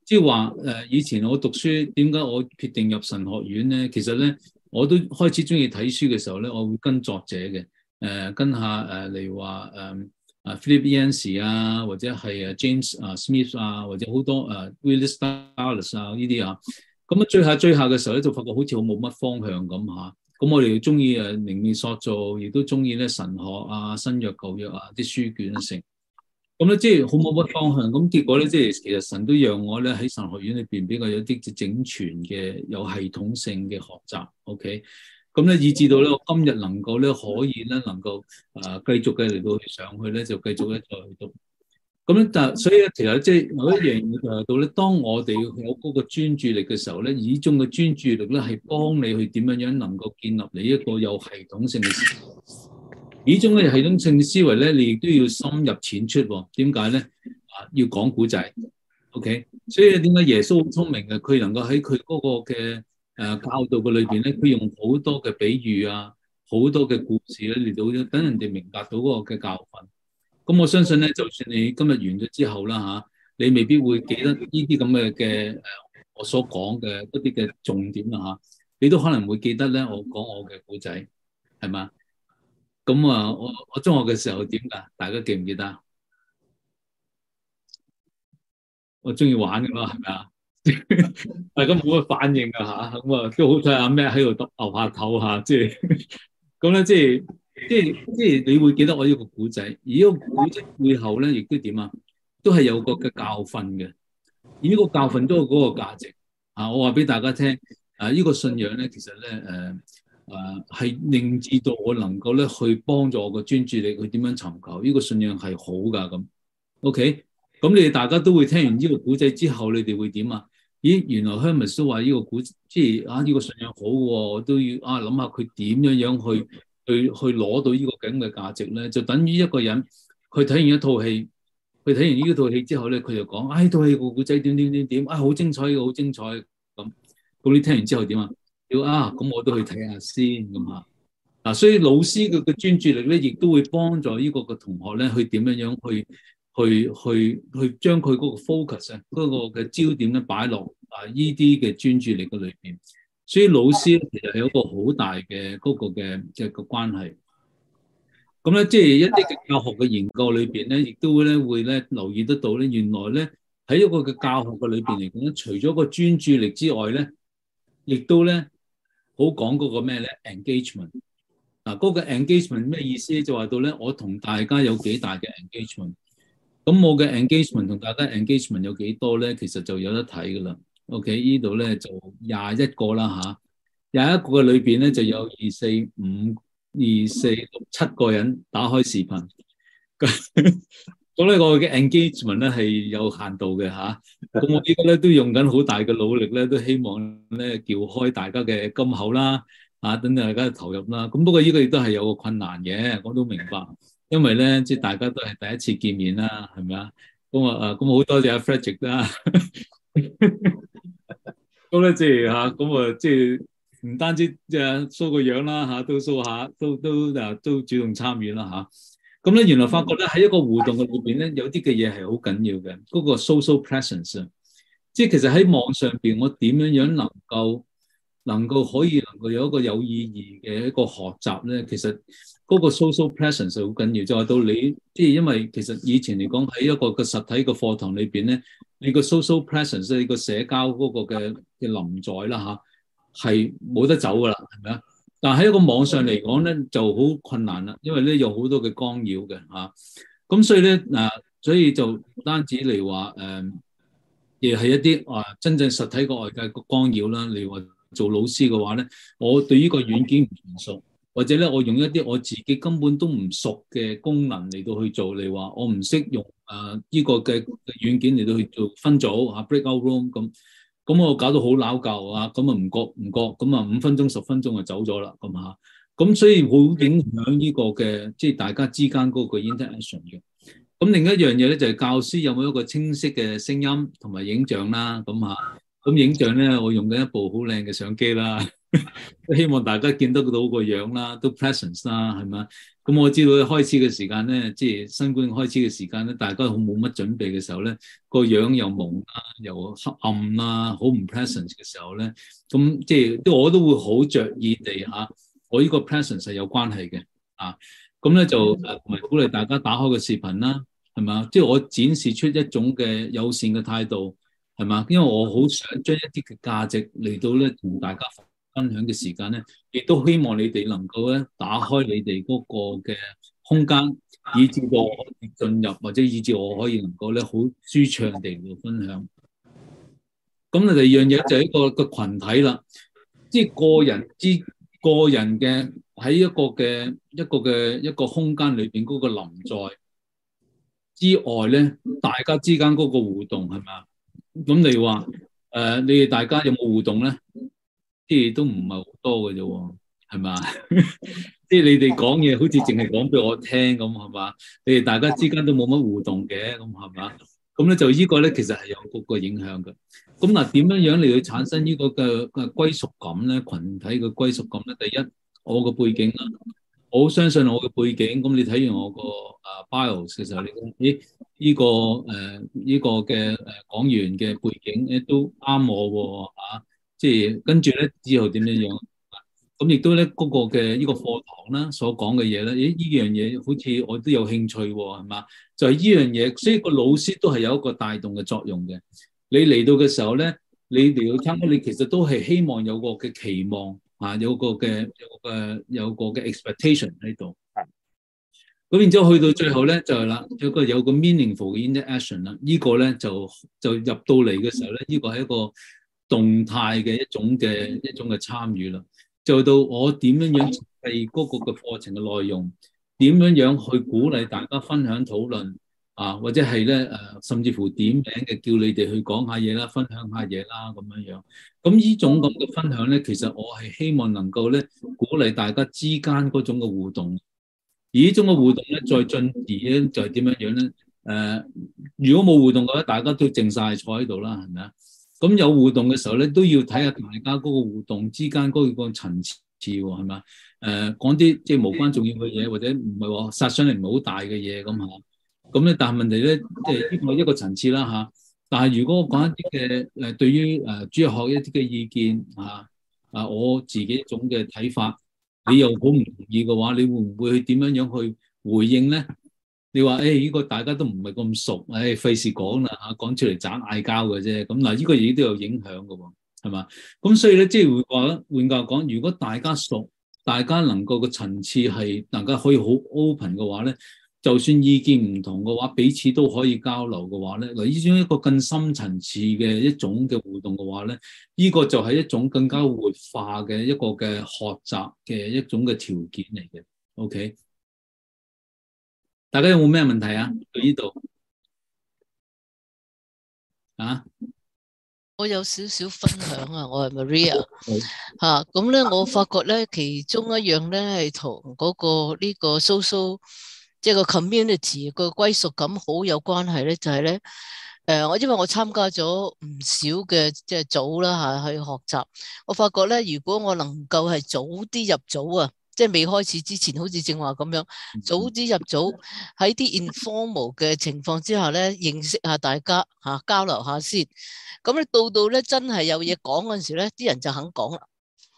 Speaker 1: 即係話誒，以前我讀書，點解我決定入神學院咧？其實咧，我都開始中意睇書嘅時候咧，我會跟作者嘅，誒、呃，跟下誒，例如話誒。啊，Philip Yancey 啊，或者係啊 James 啊 Smith 啊，或者好多啊 Dallas Willard 啊呢啲啊，咁啊追下追下嘅時候咧，就發覺好似好冇乜方向咁吓。咁我哋中意誒靈命塑造，亦都中意咧神學啊、新約舊約啊啲書卷性。咁咧即係好冇乜方向。咁結果咧即係其實神都讓我咧喺神學院裏邊比較有啲整全嘅有系統性嘅學習。OK。咁咧，以至到咧，我今日能夠咧，可以咧，能夠啊，繼續嘅。嚟到上去咧，就繼續咧，再去讀。咁咧，但所以咧，其實即係有一樣嘢就到咧，當我哋有嗰個專注力嘅時候咧，以中嘅專注力咧係幫你去點樣樣能夠建立你一個有系統性嘅思維。以中嘅系統性思維咧，你亦都要深入淺出。點解咧？啊，要講古仔。OK。所以點解耶穌好聰明嘅？佢能夠喺佢嗰個嘅。誒，教導嘅裏邊咧，佢用好多嘅比喻啊，好多嘅故事咧嚟到等人哋明白到嗰個嘅教訓。咁我相信咧，就算你今日完咗之後啦吓、啊，你未必會記得呢啲咁嘅嘅誒，我所講嘅嗰啲嘅重點啊。吓，你都可能會記得咧。我講我嘅故仔係嘛？咁啊，我我中學嘅時候點噶？大家記唔記得啊？我中意玩噶嘛，係咪啊？係咁冇乜反應噶吓，咁啊都好彩阿咩喺度耷牛下頭吓，即係咁咧，即係即係即係你會記得我呢個古仔，而呢個古仔背後咧亦都點啊？都係有個嘅教訓嘅。而呢個教訓都係嗰個價值啊！我話俾大家聽，啊呢個信仰咧，其實咧誒誒係令至到我能夠咧去幫助我嘅專注力去點樣尋求？呢個信仰係好噶咁。O K，咁你哋大家都會聽完呢個古仔之後，你哋會點啊？咦，原來 Hermes 都話呢個股，即係啊呢、這個信仰好喎，哦，我都要啊諗下佢點樣樣去去去攞到個呢個咁嘅價值咧，就等於一個人佢睇完一套戲，佢睇完呢套戲之後咧，佢就講，唉、哎，套戲個故仔點點點點啊，好精彩好精彩咁。咁、嗯、你聽完之後點啊？要啊，咁我都去睇下先咁嚇。嗱、啊，所以老師嘅嘅專注力咧，亦都會幫助呢個嘅同學咧，去點樣樣去。去去去將佢嗰個 focus 啊，嗰個嘅焦點咧擺落啊依啲嘅專注力嘅裏邊，所以老師咧其實係一個好大嘅嗰個嘅即係個關係。咁咧即係一啲嘅教學嘅研究裏邊咧，亦都咧會咧留意得到咧，原來咧喺一個嘅教學嘅裏邊嚟講咧，除咗個專注力之外咧，亦都咧好講嗰個咩咧 engagement。嗱，嗰個 engagement 咩意思呢？就話到咧，我同大家有幾大嘅 engagement。咁我嘅 engagement 同大家 engagement 有幾多咧？其實就有得睇噶啦。OK，呢度咧就廿一個啦，吓廿一個嘅裏邊咧就有二四五二四六七個人打開視頻。咁 呢個嘅 engagement 咧係有限度嘅吓。咁、啊、我呢家咧都用緊好大嘅努力咧，都希望咧撬開大家嘅金口啦，啊等等大家投入啦。咁不過呢個亦都係有個困難嘅，我都明白。因為咧，即係大家都係第一次見面啦，係咪、er、啊？咁 啊，咁好多謝阿 Fred 啦，多謝啊！咁啊，即係唔單止即係 show 個樣啦，吓都 show 下，都都啊，都主動參與啦，吓、啊。咁咧，原來發覺咧喺一個互動嘅裏邊咧，有啲嘅嘢係好緊要嘅，嗰、那個 social presence，即係其實喺網上邊，我點樣樣能夠能夠可以能夠有一個有意義嘅一個學習咧，其實。嗰個 social presence 好緊要，就係到你即係因為其實以前嚟講喺一個嘅實體嘅課堂裏邊咧，你個 social presence 你個社交嗰個嘅嘅臨在啦吓，係、啊、冇得走噶啦，係咪啊？但喺一個網上嚟講咧就好困難啦，因為咧有好多嘅干擾嘅吓。咁、啊、所以咧嗱、啊，所以就唔單止嚟話誒，亦、呃、係一啲啊真正實體嘅外界嘅干擾啦。例如話做老師嘅話咧，我對呢個軟件唔熟。或者咧，我用一啲我自己根本都唔熟嘅功能嚟到去做，你話我唔識用誒依個嘅軟件嚟到去做分組啊，breakout room 咁，咁我搞到好撈舊啊，咁啊唔覺唔覺，咁啊五分鐘、十分鐘就走咗啦，咁嚇，咁所以好影響呢個嘅即係大家之間嗰個 interaction 嘅。咁另一樣嘢咧就係教師有冇一個清晰嘅聲音同埋影像啦，咁嚇，咁影像咧我用緊一部好靚嘅相機啦。 希望大家見得到個樣啦，都 presence 啦，係咪？咁我知道開始嘅時間咧，即係新冠開始嘅時間咧，大家好冇乜準備嘅時候咧，個樣又蒙啦，啊，又黑暗啦，啊，好唔 presence 嘅時候咧，咁即係都我都會好着意地吓，啊，我呢個 presence 係有關係嘅啊。咁咧就誒，同埋鼓勵大家打開個視頻啦，係嘛？即係我展示出一種嘅友善嘅態度，係嘛？因為我好想將一啲嘅價值嚟到咧同大家。分享嘅時間咧，亦都希望你哋能夠咧打開你哋嗰個嘅空間，以至到我可以進入，或者以至我可以能夠咧好舒暢地去分享。咁第二樣嘢就係一個一個群體啦，即係個人之個人嘅喺一個嘅一個嘅一個空間裏邊嗰個臨在之外咧，大家之間嗰個互動係咪啊？咁你話誒、呃，你哋大家有冇互動咧？啲嘢都唔係 好多嘅啫，係嘛？即係你哋講嘢，好似淨係講俾我聽咁，係嘛？你哋大家之間都冇乜互動嘅，咁係嘛？咁咧就呢個咧，其實係有個個影響嘅。咁嗱，點樣樣嚟去產生呢個嘅嘅歸屬感咧？群體嘅歸屬感咧，第一，我個背景啦，我好相信我嘅背景。咁你睇完我個啊 bios 嘅時候，你講，誒，依、這個誒，依、呃這個嘅誒，講員嘅背景咧都啱我喎，吓、啊。即係跟住咧，之後點樣樣？咁亦都咧，嗰個嘅呢個課堂啦，所講嘅嘢咧，咦，呢樣嘢好似我都有興趣喎，係嘛？就係呢樣嘢，所以個老師都係有一個帶動嘅作用嘅。你嚟到嘅時候咧，你嚟到參加，你其實都係希望有個嘅期望啊，有個嘅有個嘅有個嘅 expectation 喺度。係。咁然之後去到最後咧，就係啦，有個有個 meaningful 嘅 interaction 啦。呢個咧就就入到嚟嘅時候咧，呢個係一個。動態嘅一種嘅一種嘅參與啦，就到我點樣樣設計嗰個嘅課程嘅內容，點樣樣去鼓勵大家分享討論啊，或者係咧誒，甚至乎點名嘅叫你哋去講下嘢啦，分享下嘢啦咁樣樣。咁呢種咁嘅分享咧，其實我係希望能夠咧鼓勵大家之間嗰種嘅互動。而呢種嘅互動咧，再進而咧就係點樣樣咧？誒、啊，如果冇互動嘅話，大家都靜晒坐喺度啦，係咪啊？咁有互動嘅時候咧，都要睇下大家嗰個互動之間嗰個層次喎，係嘛？誒講啲即係無關重要嘅嘢，或者唔係話殺傷力唔係好大嘅嘢咁嚇。咁咧，但係問題咧，即係呢個一個層次啦嚇、啊。但係如果我講一啲嘅誒，對於誒、呃、主要學一啲嘅意見嚇，啊我自己一種嘅睇法，你又好唔同意嘅話，你會唔會去點樣樣去回應咧？你話誒，呢個大家都唔係咁熟，誒，費事講啦嚇，講出嚟盞嗌交嘅啫。咁嗱，呢個嘢都有影響嘅喎，係嘛？咁所以咧，即係話換句話講，如果大家熟，大家能夠個層次係大家可以好 open 嘅話咧，就算意見唔同嘅話，彼此都可以交流嘅話咧，嗱，呢種一個更深層次嘅一種嘅互動嘅話咧，呢個就係一種更加活化嘅一個嘅學習嘅一種嘅條件嚟嘅。
Speaker 5: OK。大家有冇咩問題啊？到呢度啊，我有少少分享啊，我係 Maria 嚇。咁咧、 啊，呢 我發覺咧，其中一樣咧，係同嗰個呢、這個 social，即係個 community 個歸屬感好有關係咧。就係、是、咧，誒、呃，我因為我參加咗唔少嘅即係組啦嚇、啊、去學習，我發覺咧，如果我能夠係早啲入組啊。即係未開始之前，好似正話咁樣，早啲入組喺啲 informal 嘅情況之下咧，認識下大家吓、啊，交流下先。咁咧到到咧真係有嘢講嗰陣時咧，啲人就肯講啦。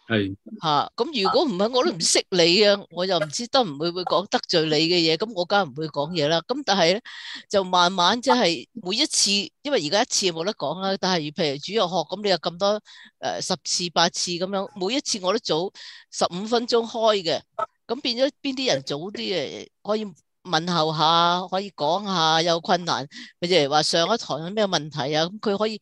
Speaker 5: 係吓，咁、啊、如果唔係，我都唔識你啊，我又唔知得唔會會講得罪你嘅嘢，咁我梗係唔會講嘢啦。咁但係咧，就慢慢即係每一次，因為而家一次冇得講啦。但係譬如主日學咁，你又咁多誒、呃、十次八次咁樣，每一次我都早十五分鐘開嘅，咁變咗邊啲人早啲誒可以。問候下，可以講下有困難，譬如話上一堂有咩問題啊？咁佢可以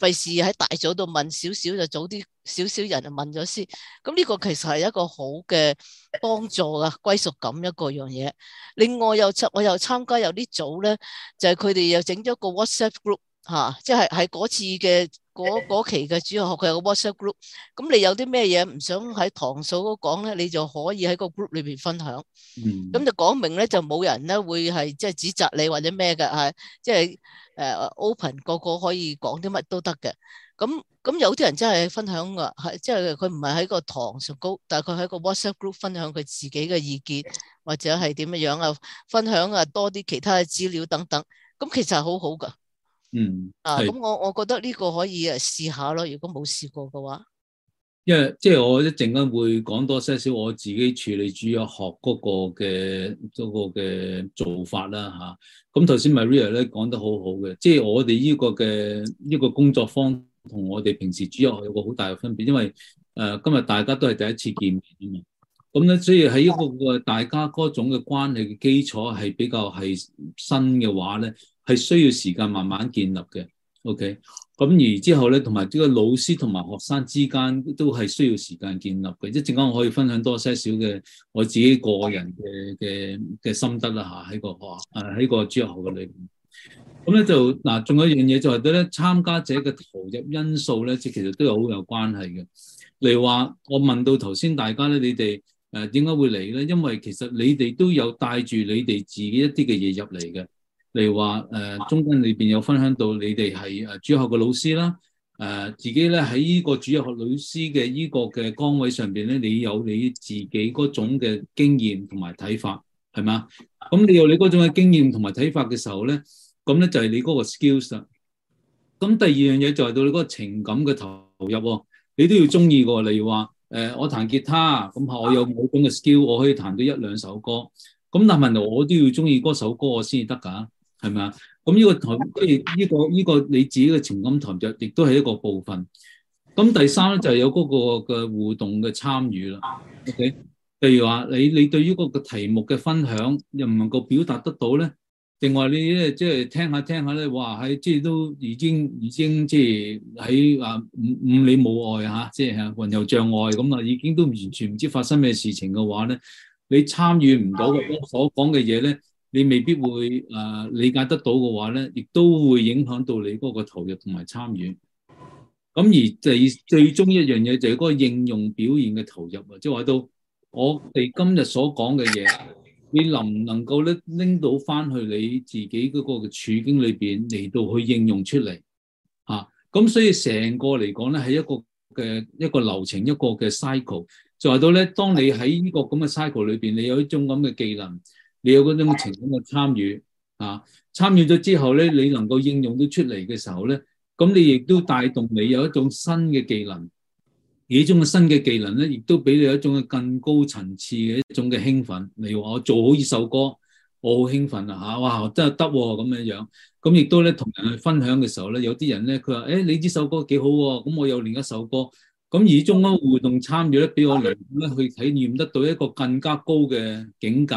Speaker 5: 費事喺大組度問少少，就早啲少少人就問咗先。咁、嗯、呢個其實係一個好嘅幫助啊，歸屬感一個樣嘢。另外有我，我又參加有啲組咧，就係佢哋又整咗個 WhatsApp group。吓、啊，即係喺嗰次嘅嗰期嘅主要學，佢有個 WhatsApp group，咁你有啲咩嘢唔想喺堂上講咧，你就可以喺個 group 裏邊分享。咁、嗯、就講明咧，就冇人咧會係即係指責你或者咩嘅吓，即係誒 open，個個可以講啲乜都得嘅。咁咁有啲人真係分享噶係即係佢唔係喺個堂上高，但係佢喺個 WhatsApp group 分享佢自己嘅意見或者係點樣樣啊，分享啊多啲其他嘅資料等等，咁其實係好好噶。
Speaker 2: 嗯
Speaker 1: 啊，咁我
Speaker 5: 我覺得呢個可以誒試下咯，如果冇試過嘅
Speaker 1: 話，因為即係、就是、我一陣間會講多些少我自己處理主日學嗰個嘅、那個嘅做法啦吓。咁頭先 Maria 咧講得好好嘅，即、就、係、是、我哋呢個嘅呢、這個工作方同我哋平時主日學有個好大嘅分別，因為誒、呃、今日大家都係第一次見面啊嘛。咁咧，所以喺一個大家嗰種嘅關係嘅基礎係比較係新嘅話咧。係需要時間慢慢建立嘅，OK。咁而之後咧，同埋呢個老師同埋學生之間都係需要時間建立嘅。即係陣間，我可以分享多些少嘅我自己個人嘅嘅嘅心得啦，吓喺個學誒喺個之後嘅裏邊。咁咧就嗱，仲有一樣嘢就係、是、咧，參加者嘅投入因素咧，即係其實都有好有關係嘅。例如話我問到頭先大家咧，你哋誒點解會嚟咧？因為其實你哋都有帶住你哋自己一啲嘅嘢入嚟嘅。例如話誒、呃，中間裏邊有分享到你哋係誒主學嘅老師啦，誒、呃、自己咧喺呢個主學老師嘅依個嘅崗位上邊咧，你有你自己嗰種嘅經驗同埋睇法，係嘛？咁你有你嗰種嘅經驗同埋睇法嘅時候咧，咁咧就係你嗰個 skills 喇。咁第二樣嘢就係到你嗰個情感嘅投入喎、哦，你都要中意㗎。例如話誒、呃，我彈吉他，咁我有某種嘅 skill，我可以彈到一兩首歌。咁但係問題，我都要中意嗰首歌我，我先至得㗎。係咪啊？咁呢個談，即係呢個呢、這個你自己嘅情感投入，亦都係一個部分。咁第三咧就係、是、有嗰個嘅互動嘅參與啦。O.K.，例如話你你對於嗰個題目嘅分享又唔能夠表達得到咧？定話你咧即係聽下聽下咧，哇！喺即係都已經已經即係喺話五五里冇外吓，即、啊、係、就是、雲游障礙咁啊，已經都完全唔知發生咩事情嘅話咧，你參與唔到我所講嘅嘢咧？你未必會誒理解得到嘅話咧，亦都會影響到你嗰個投入同埋參與。咁而最最終一樣嘢就係嗰個應用表現嘅投入啊，即係話到我哋今日所講嘅嘢，你能唔能夠咧拎到翻去你自己嗰個嘅處境裏邊嚟到去應用出嚟啊？咁所以成個嚟講咧係一個嘅一個流程，一個嘅 cycle。就係到咧，當你喺呢個咁嘅 cycle 裏邊，你有一種咁嘅技能。你有嗰種情感嘅參與啊，參與咗之後咧，你能夠應用到出嚟嘅時候咧，咁你亦都帶動你有一種新嘅技能，其中嘅新嘅技能咧，亦都俾你有一種更高層次嘅一種嘅興奮。例如話我做好呢首歌，我好興奮啊嚇！哇，真係得喎咁樣樣，咁亦都咧同人去分享嘅時候咧，有啲人咧佢話：誒、哎，你呢首歌幾好喎，啊？咁我有另一首歌。咁以中間互動參與咧，俾我嚟咧去體驗得到一個更加高嘅境界。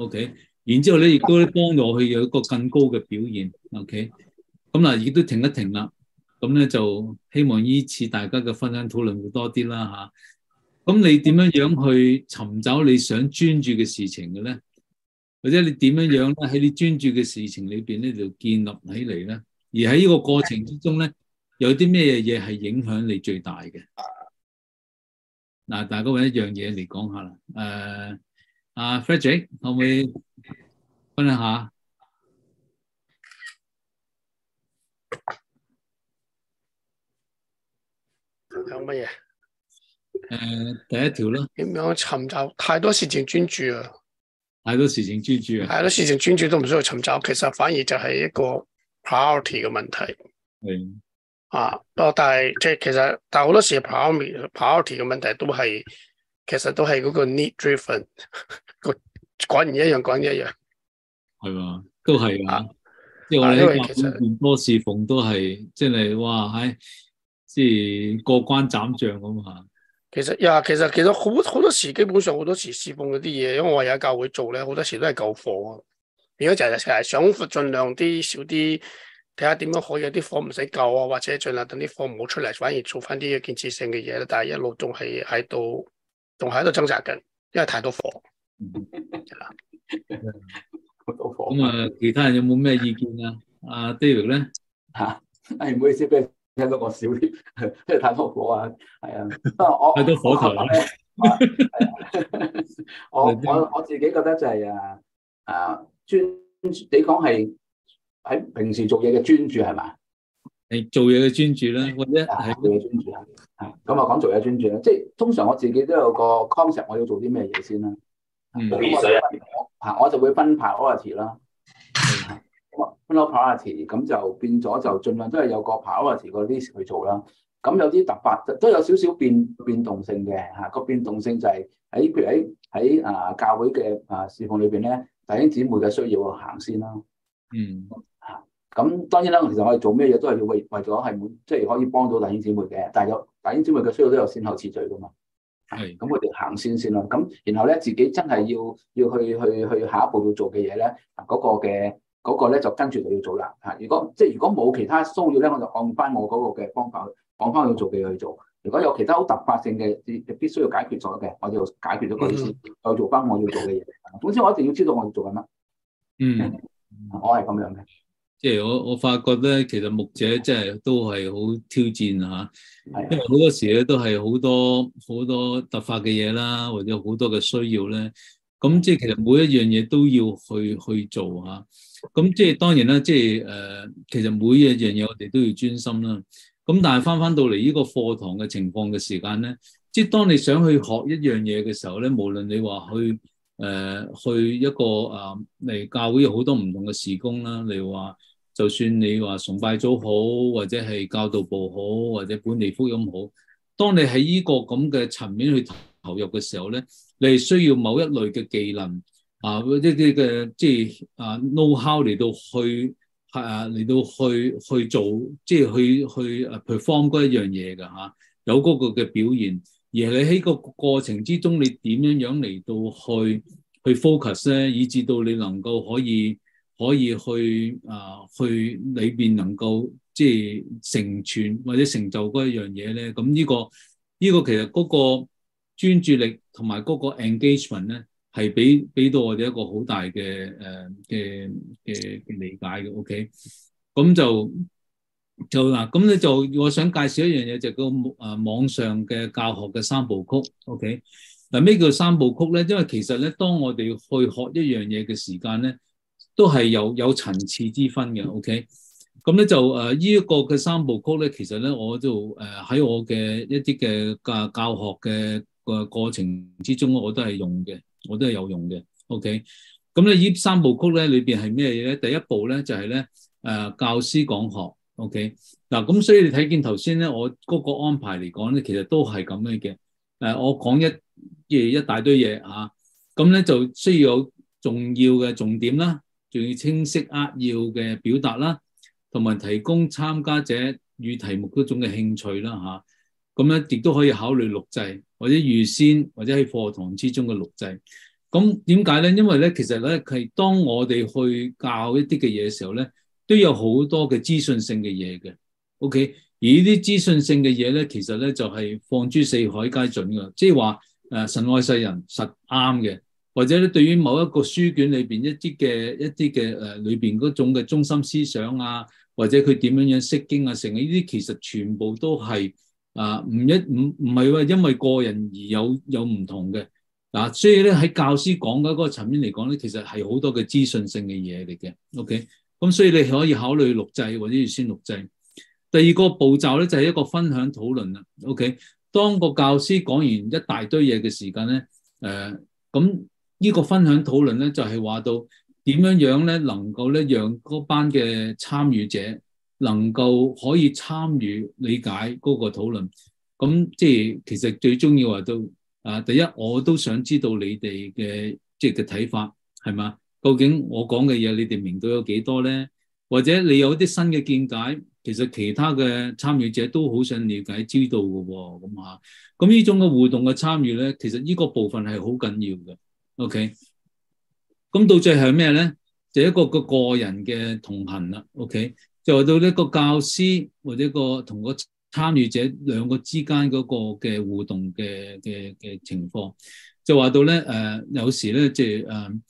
Speaker 1: O、okay, K，然之後咧，亦都幫助我去有一個更高嘅表現。O K，咁嗱，亦都停一停啦。咁、嗯、咧就希望依次大家嘅分享討論會多啲啦吓，咁、啊嗯、你點樣樣去尋找你想專注嘅事情嘅咧？或者你點樣樣咧喺你專注嘅事情裏邊咧就建立起嚟咧？而喺呢個過程之中咧，有啲咩嘢係影響你最大嘅？嗱、嗯，大家搵一樣嘢嚟講下啦。誒、呃。啊 Freddie 可唔可以分享下
Speaker 4: 有乜嘢？誒、呃，第一條啦。點樣尋找太多事情專注啊？
Speaker 1: 太多事情專注啊？太多
Speaker 4: 事情專注,注都唔需要尋找，其實反而就係一個 priority 嘅問題。係的。啊，不過但係即係其實，但係好多時 priority priority 嘅問題都係。其實都係嗰個 need driven，個趕完一樣趕一樣，
Speaker 1: 係嘛，都係啊。即係、啊、因為其實多侍奉都係，即係哇，喺即係過關斬將咁吓。
Speaker 4: 其實呀，其實其實好好多時，基本上好多時侍奉嗰啲嘢，因為我喺教會做咧，好多時都係救火啊。如果就係想盡量啲少啲，睇下點樣可以有啲火唔使救啊，或者盡量等啲火唔好出嚟，反而做翻啲建設性嘅嘢咧。但係一路仲係喺度。仲係喺度掙扎緊，因為太多火。
Speaker 1: 咁啊，其他人有冇咩意見啊？阿 David 咧，
Speaker 4: 吓，係唔好意思，俾聽到個少啲，因為太多火啊，係啊。我多火候咧，我我我自己覺得就係啊啊專，你講係喺平時做嘢嘅專注係嘛？
Speaker 1: 你做嘢嘅專注啦，或者係做
Speaker 4: 嘢專注啊。咁啊，講做嘢專注咧，即係、嗯嗯、通常我自己都有個 concept，我要做啲咩嘢先啦。我我 priority, 嗯。我我就會分派 priority 啦。分落 priority 咁就變咗就盡量都係有個 priority 嗰啲去做啦。咁有啲突發，都有少少變變動性嘅吓，啊那個變動性就係喺譬如喺喺啊教會嘅啊侍奉裏邊咧，弟兄姊妹嘅需要行先啦。嗯。咁當然啦，其實我哋做咩嘢都係要為為咗係即係可以幫到弟兄姊妹嘅，但係有弟兄姊妹嘅需要都有先後次序噶嘛。係的，咁、嗯、我哋行先先啦。咁然後咧，自己真係要要去去去下一步要做嘅嘢咧，嗰、那個嘅嗰、那個咧就跟住就要做啦。嚇！如果即係如果冇其他騷擾咧，我就按翻我嗰個嘅方法，按翻要做嘅去做。如果有其他好突發性嘅，必須要解決咗嘅，我就解決咗佢先，嗯、再做翻我要做嘅嘢。總之我一定要知道我要做緊乜。嗯，嗯，我係咁樣嘅。
Speaker 1: 即係我我發覺咧，其實牧者真係都係好挑戰吓、啊，因為好多時咧都係好多好多突發嘅嘢啦，或者好多嘅需要咧。咁即係其實每一樣嘢都要去去做吓。咁、啊、即係當然啦，即係誒、呃，其實每一樣嘢我哋都要專心啦。咁但係翻翻到嚟呢個課堂嘅情況嘅時間咧，即係當你想去學一樣嘢嘅時候咧，無論你話去誒、呃、去一個誒嚟、呃、教會有好多唔同嘅事工啦，你如話。就算你話崇拜組好，或者係教導部好，或者本地福音好，當你喺呢個咁嘅層面去投入嘅時候咧，你係需要某一類嘅技能啊，或者啲嘅即係啊 know how 嚟到去係啊嚟到去去做，即係去去啊 perform 嗰一樣嘢㗎嚇，有嗰個嘅表現。而你喺個過程之中，你點樣樣嚟到去去 focus 咧，以至到你能夠可以。可以去啊、呃，去裏邊能夠即係成全或者成就嗰一樣嘢咧。咁呢、呢個呢、呢個其實嗰個專注力同埋嗰個 engagement 咧，係俾俾到我哋一個好大嘅誒嘅嘅嘅理解嘅。OK，咁就就嗱，咁咧就我想介紹一樣嘢，就叫、係、誒網上嘅教學嘅三部曲。OK，嗱咩叫三部曲咧？因為其實咧，當我哋去學一樣嘢嘅時間咧。都係有有層次之分嘅，OK。咁咧就誒呢一個嘅三部曲咧，其實咧我就誒喺、呃、我嘅一啲嘅教教學嘅個過程之中，我都係用嘅，我都係有用嘅，OK。咁咧呢三部曲咧裏邊係咩嘢咧？第一步咧就係咧誒教師講學，OK。嗱咁所以你睇見頭先咧我嗰個安排嚟講咧，其實都係咁樣嘅。誒、呃、我講一嘢一大堆嘢啊，咁咧就需要有重要嘅重點啦。仲要清晰扼要嘅表達啦，同埋提供參加者與題目嗰種嘅興趣啦吓。咁咧亦都可以考慮錄製或者預先或者喺課堂之中嘅錄製。咁點解咧？因為咧其實咧係當我哋去教一啲嘅嘢嘅時候咧，都有好多嘅資訊性嘅嘢嘅。O.K. 而呢啲資訊性嘅嘢咧，其實咧就係放諸四海皆準嘅，即係話誒神愛世人實啱嘅。或者咧，對於某一個書卷裏邊一啲嘅一啲嘅誒，裏邊嗰種嘅中心思想啊，或者佢點樣樣釋經啊，成呢啲其實全部都係啊，唔、呃、一唔唔係話因為個人而有有唔同嘅嗱、啊，所以咧喺教師講嘅嗰個層面嚟講咧，其實係好多嘅資訊性嘅嘢嚟嘅。O K，咁所以你可以考慮錄製或者要先錄製。第二個步驟咧就係、是、一個分享討論啦。O、啊、K，嗯、當個教師講完一大堆嘢嘅時間咧，誒、呃、咁。嗯嗯嗯呢個分享討論咧，就係話到點樣樣咧，能夠咧讓嗰班嘅參與者能夠可以參與理解嗰個討論。咁即係其實最重要話到啊，第一我都想知道你哋嘅即係嘅睇法係嘛？究竟我講嘅嘢你哋明到有幾多咧？或者你有啲新嘅見解，其實其他嘅參與者都好想了解知道嘅喎。咁嚇，咁呢種嘅互動嘅參與咧，其實呢個部分係好緊要嘅。O K，咁到最後係咩咧？就一個個個人嘅同行啦。O、okay? K，就話到呢個教師或者個同個參與者兩個之間嗰個嘅互動嘅嘅嘅情況，就話到咧誒、呃，有時咧即係誒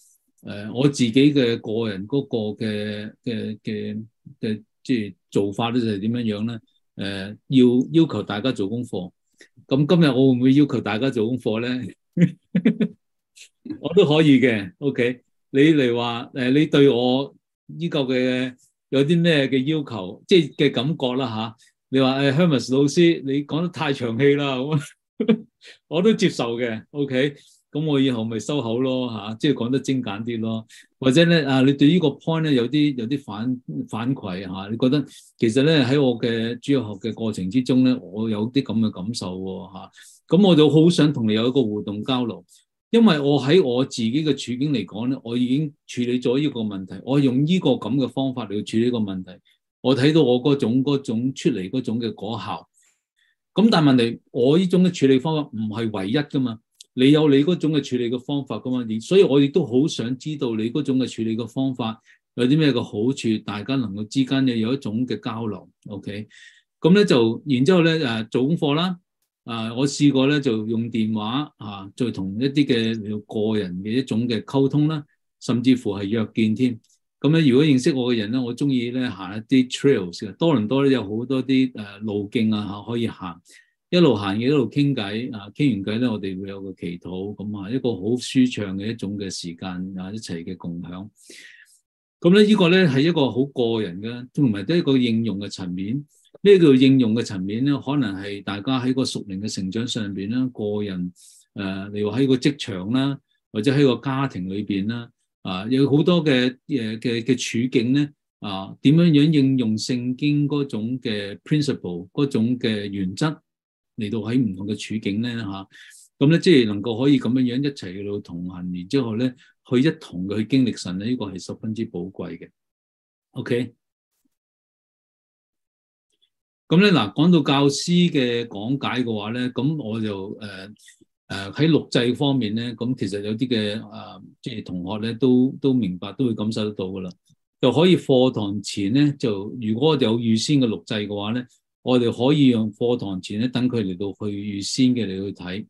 Speaker 1: 誒，我自己嘅個人嗰個嘅嘅嘅嘅即係做法咧就係點樣樣咧？誒、呃，要要求大家做功課，咁今日我會唔會要求大家做功課咧？ 我都可以嘅，OK。你嚟話誒，你對我呢個嘅有啲咩嘅要求，即係嘅感覺啦吓。你話誒、哎，Hermes 老師，你講得太長氣啦，我， 我都接受嘅，OK。咁我以後咪收口咯吓、啊，即係講得精簡啲咯。或者咧啊，你對呢個 point 咧有啲有啲反反饋吓、啊，你覺得其實咧喺我嘅主要學嘅過程之中咧，我有啲咁嘅感受吓、啊。咁、啊、我就好想同你有一個互動交流。因為我喺我自己嘅處境嚟講咧，我已經處理咗呢個問題，我用呢個咁嘅方法嚟處理呢個問題，我睇到我嗰種嗰種出嚟嗰種嘅果效。咁但係問題，我呢種嘅處理方法唔係唯一噶嘛，你有你嗰種嘅處理嘅方法噶嘛，所以，我亦都好想知道你嗰種嘅處理嘅方法有啲咩嘅好處，大家能夠之間咧有一種嘅交流。OK，咁咧就然之後咧誒做功課啦。啊！我試過咧，就用電話啊，再同一啲嘅個人嘅一種嘅溝通啦，甚至乎係約見添。咁、啊、咧，如果認識我嘅人咧，我中意咧行一啲 trails 嘅多倫多咧，有好多啲誒路徑啊嚇可以行，一路行嘅一路傾偈啊，傾完偈咧，我哋會有個祈禱，咁啊一個好舒暢嘅一種嘅時間啊，一齊嘅共享。咁、啊、咧，嗯啊這個、呢個咧係一個好個人嘅，同埋都係一個應用嘅層面。咩叫應用嘅層面咧？可能係大家喺個屬靈嘅成長上邊啦，個人誒，你話喺個職場啦，或者喺個家庭裏邊啦，啊，有好多嘅誒嘅嘅處境咧，啊，點樣樣應用聖經嗰種嘅 principle、嗰種嘅原則嚟到喺唔同嘅處境咧嚇，咁、啊、咧即係能夠可以咁樣樣一齊去同行，然之後咧去一同去經歷神咧，呢、呢個係十分之寶貴嘅。OK。咁咧嗱，講到教師嘅講解嘅話咧，咁我就誒誒喺錄製方面咧，咁其實有啲嘅啊，即、呃、係同學咧都都明白，都會感受得到噶啦。就可以課堂前咧，就如果我哋有預先嘅錄製嘅話咧，我哋可以用課堂前咧等佢嚟到去預先嘅嚟去睇。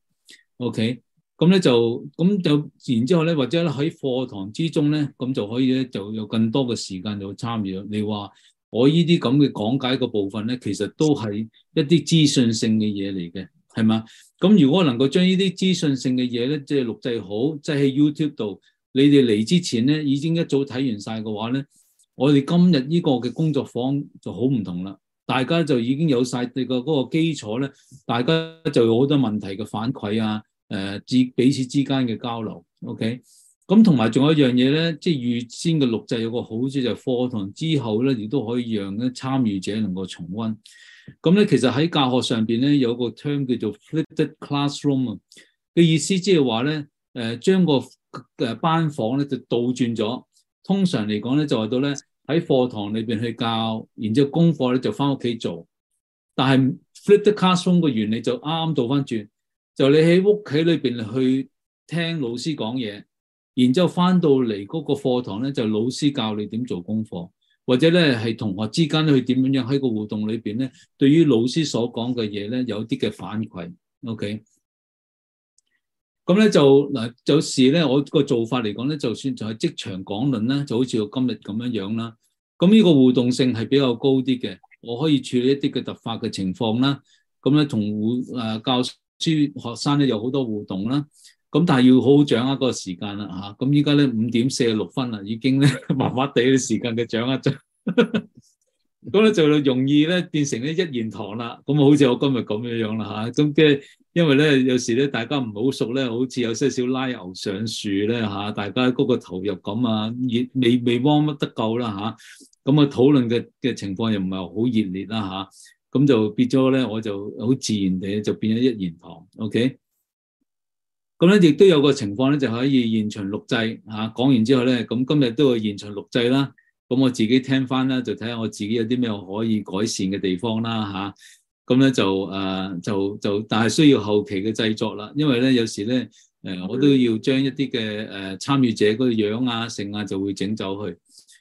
Speaker 1: OK，咁咧就咁就然之後咧，或者咧喺課堂之中咧，咁就可以咧就有更多嘅時間就去參與。你話？我呢啲咁嘅講解個部分咧，其實都係一啲資訊性嘅嘢嚟嘅，係嘛？咁如果能夠將呢啲資訊性嘅嘢咧，即係錄製好，即係喺 YouTube 度，你哋嚟之前咧已經一早睇完晒嘅話咧，我哋今日呢個嘅工作坊就好唔同啦，大家就已經有晒嘅嗰個基礎咧，大家就有好多問題嘅反饋啊，誒、呃，之彼此之間嘅交流，OK？咁同埋仲有一樣嘢咧，即係預先嘅錄製有個好處就係、是、課堂之後咧，亦都可以讓咧參與者能夠重温。咁、嗯、咧其實喺教學上邊咧有個 term 叫做 flipped classroom 啊嘅意思，即係話咧，誒將個誒班房咧就倒轉咗。通常嚟講咧就係到咧喺課堂裏邊去教，然之後功課咧就翻屋企做。但係 flipped classroom 個原理就啱啱倒翻轉，就你喺屋企裏邊去聽老師講嘢。然之後翻到嚟嗰個課堂咧，就係、老師教你點做功課，或者咧係同學之間咧，佢點樣樣喺個互動裏邊咧，對於老師所講嘅嘢咧，有啲嘅反饋。O K，咁咧就嗱，有時咧我個做法嚟講咧，就算就係即場講論啦，就好似我今日咁樣樣啦。咁呢個互動性係比較高啲嘅，我可以處理一啲嘅突發嘅情況啦。咁咧同互教師學生咧有好多互動啦。咁但係要好好掌握個時間啦，吓咁依家咧五點四十六分啦，已經咧麻麻地時間嘅掌握咗。咁 咧就容易咧變成咧一言堂啦。咁啊好似我今日咁樣樣啦，吓咁即係因為咧有時咧大家唔好熟咧，好似有些少拉牛上樹咧，吓大家嗰個投入感啊熱未未汪乜得夠啦，吓咁啊討論嘅嘅情況又唔係好熱烈啦，吓咁就變咗咧，我就好自然地就變咗一言堂，OK。咁咧，亦都有個情況咧，就可以現場錄製嚇、啊。講完之後咧，咁今日都會現場錄製啦。咁我自己聽翻啦，就睇下我自己有啲咩可以改善嘅地方啦嚇。咁、啊、咧就誒、啊、就就，但係需要後期嘅製作啦。因為咧有時咧誒，我都要將一啲嘅誒參與者嗰個樣啊、性啊，就會整走去。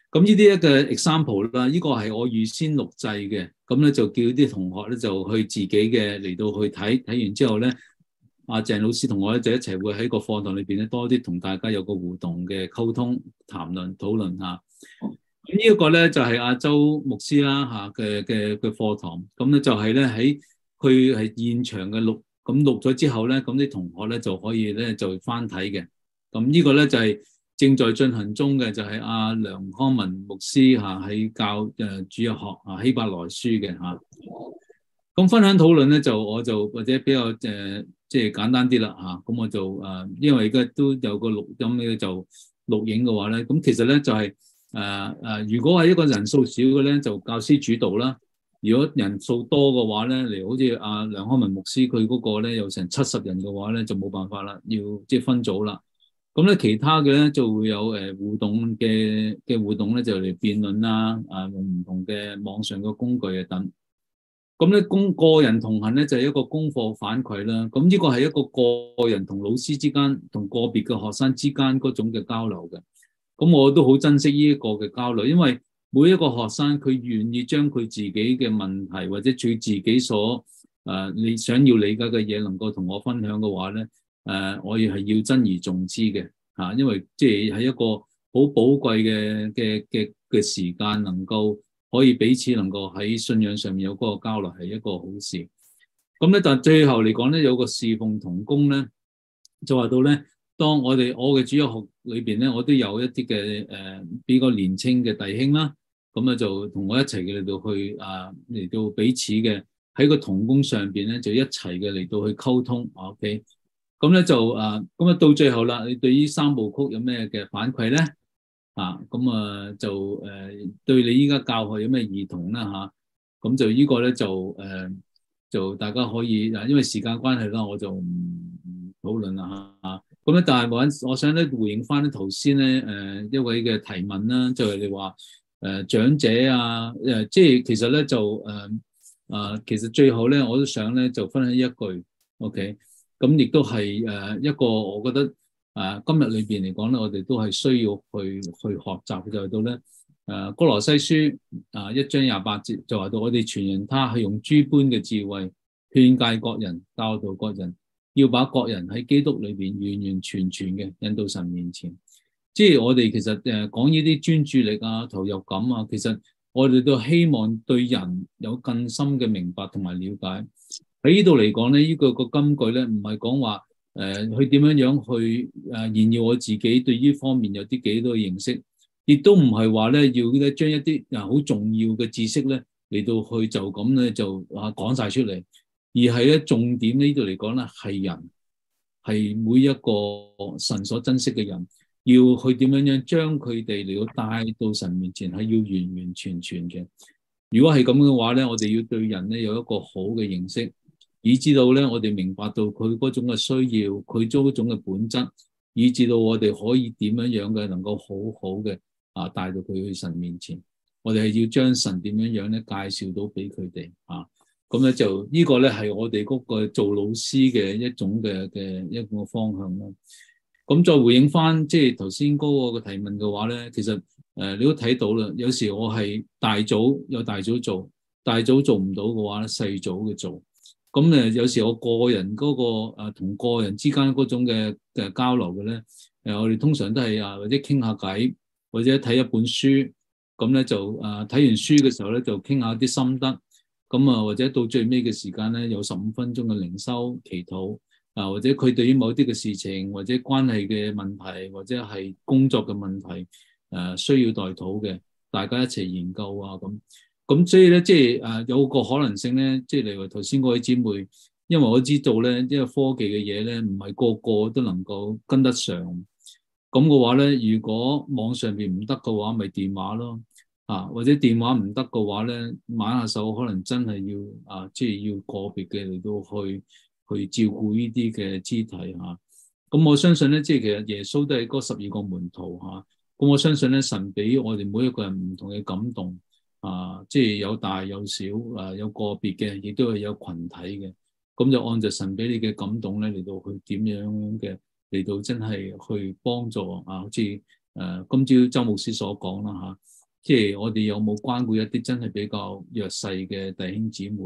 Speaker 1: 咁呢啲一個 example 啦，呢、呢個係我預先錄製嘅。咁咧就叫啲同學咧就去自己嘅嚟到去睇，睇完之後咧。阿鄭老師同我一齊一齊會喺個課堂裏邊咧多啲同大家有個互動嘅溝通、談論、討論吓。咁呢一個咧就係阿周牧師啦吓嘅嘅嘅課堂，咁咧就係咧喺佢係現場嘅錄，咁錄咗之後咧，咁啲同學咧就可以咧就翻睇嘅。咁呢個咧就係正在進行中嘅，就係阿梁康文牧師吓喺教誒主日學啊希伯來書嘅吓。咁分享討論咧就我就或者比較誒。呃即係簡單啲啦嚇，咁我就誒，因為而家都有個錄音咧，就錄影嘅話咧，咁其實咧就係誒誒，如果係一個人數少嘅咧，就教師主導啦；如果人數多嘅話咧，嚟好似阿梁康文牧師佢嗰個咧，有成七十人嘅話咧，就冇辦法啦，要即係分組啦。咁咧其他嘅咧就會有誒互動嘅嘅互動咧，就嚟辯論啦，啊用唔同嘅網上嘅工具啊等。咁咧，公個人同行咧就係一個功課反饋啦。咁呢個係一個個人同老師之間、同個別嘅學生之間嗰種嘅交流嘅。咁我都好珍惜呢一個嘅交流，因為每一個學生佢願意將佢自己嘅問題或者佢自己所誒你想要理解嘅嘢，能夠同我分享嘅話咧，誒，我亦係要珍而重之嘅嚇，因為即係係一個好寶貴嘅嘅嘅嘅時間，能夠。可以彼此能夠喺信仰上面有嗰個交流係一個好事。咁咧，但係最後嚟講咧，有個侍奉同工咧，就話到咧，當我哋我嘅主日學裏邊咧，我都有一啲嘅誒比較年青嘅弟兄啦，咁啊就同我一齊嘅嚟到去啊嚟到彼此嘅喺個同工上邊咧，就一齊嘅嚟到去溝通。OK。咁咧就啊，咁啊到最後啦，你對於三部曲有咩嘅反饋咧？啊，咁啊就誒、呃、對你依家教學有咩異同啦？嚇、啊？咁就個呢個咧就誒、呃、就大家可以嗱，因為時間關係啦，我就唔討論啦嚇。咁、啊、咧，但係我我想咧回應翻啲頭先咧誒一位嘅提問啦，就係、是、你話誒、呃、長者啊誒、呃，即係其實咧就誒啊、呃呃，其實最好咧我都想咧就分享一句 OK，咁亦都係誒一個我覺得。啊，今日裏邊嚟講咧，我哋都係需要去去學習，就是、到咧，誒，哥羅西書啊一章廿八節，就話，到我哋傳人他係用諸般嘅智慧勸誡各人，教導各人，要把各人喺基督裏邊完完全全嘅引到神面前。即係我哋其實誒講呢啲專注力啊、投入感啊，其實我哋都希望對人有更深嘅明白同埋了解。喺呢度嚟講咧，呢、這個個金句咧，唔係講話。誒，去點樣樣去誒炫耀我自己對呢方面有啲幾多認識，亦都唔係話咧要咧將一啲誒好重要嘅知識咧嚟到去就咁咧就話講晒出嚟，而係咧重點呢度嚟講咧係人，係每一個神所珍惜嘅人，要去點樣樣將佢哋嚟到帶到神面前係要完完全全嘅。如果係咁嘅話咧，我哋要對人咧有一個好嘅認識。以至到咧，我哋明白到佢嗰種嘅需要，佢嗰種嘅本質，以至到我哋可以點樣樣嘅，能夠好好嘅啊，帶到佢去神面前。我哋係要將神點樣樣咧介紹到俾佢哋啊。咁咧就呢、這個咧係我哋嗰個做老師嘅一種嘅嘅一個方向啦。咁、嗯、再回應翻即係頭先嗰個提問嘅話咧，其實誒、呃、你都睇到啦，有時我係大組有大組做，大組做唔到嘅話咧細組嘅做。咁咧、嗯，有時我個人嗰、那個、啊、同個人之間嗰種嘅誒交流嘅咧，誒、啊、我哋通常都係啊或者傾下偈，或者睇一本書，咁咧就誒睇、啊、完書嘅時候咧就傾下啲心得，咁啊或者到最尾嘅時間咧有十五分鐘嘅靈修祈禱，啊或者佢對於某啲嘅事情或者關係嘅問題或者係工作嘅問題誒、啊、需要代禱嘅，大家一齊研究啊咁。咁所以咧，即係誒有個可能性咧，即係例如頭先嗰位姊妹，因為我知道咧，因為科技嘅嘢咧，唔係個個都能夠跟得上。咁嘅話咧，如果網上邊唔得嘅話，咪電話咯，啊或者電話唔得嘅話咧，晚下手可能真係要啊，即係要個別嘅嚟到去去照顧呢啲嘅肢體嚇。咁、啊、我相信咧，即係其實耶穌都係嗰十二個門徒嚇。咁、啊、我相信咧，神俾我哋每一個人唔同嘅感動。啊，即係有大有小，啊有個別嘅，亦都係有群體嘅，咁、嗯、就按住神俾你嘅感動咧，嚟到去點樣嘅，嚟到真係去幫助啊，好似誒、啊、今朝周牧師所講啦吓，即係我哋有冇關顧一啲真係比較弱勢嘅弟兄姊妹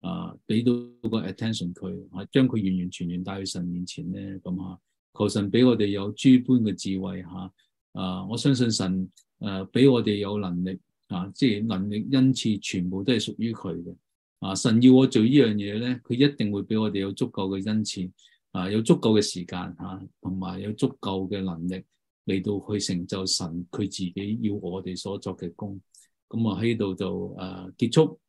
Speaker 1: 啊，俾到個 attention 佢、啊，我將佢完完全全帶去神面前咧，咁啊，求神俾我哋有諸般嘅智慧吓、啊，啊，我相信神誒俾、啊、我哋有能力。啊，即係能力恩賜，全部都係屬於佢嘅。啊，神要我做呢樣嘢咧，佢一定會俾我哋有足夠嘅恩賜，啊，有足夠嘅時間吓，同埋有足夠嘅能力嚟到去成就神佢自己要我哋所作嘅功。咁啊喺度就啊結束。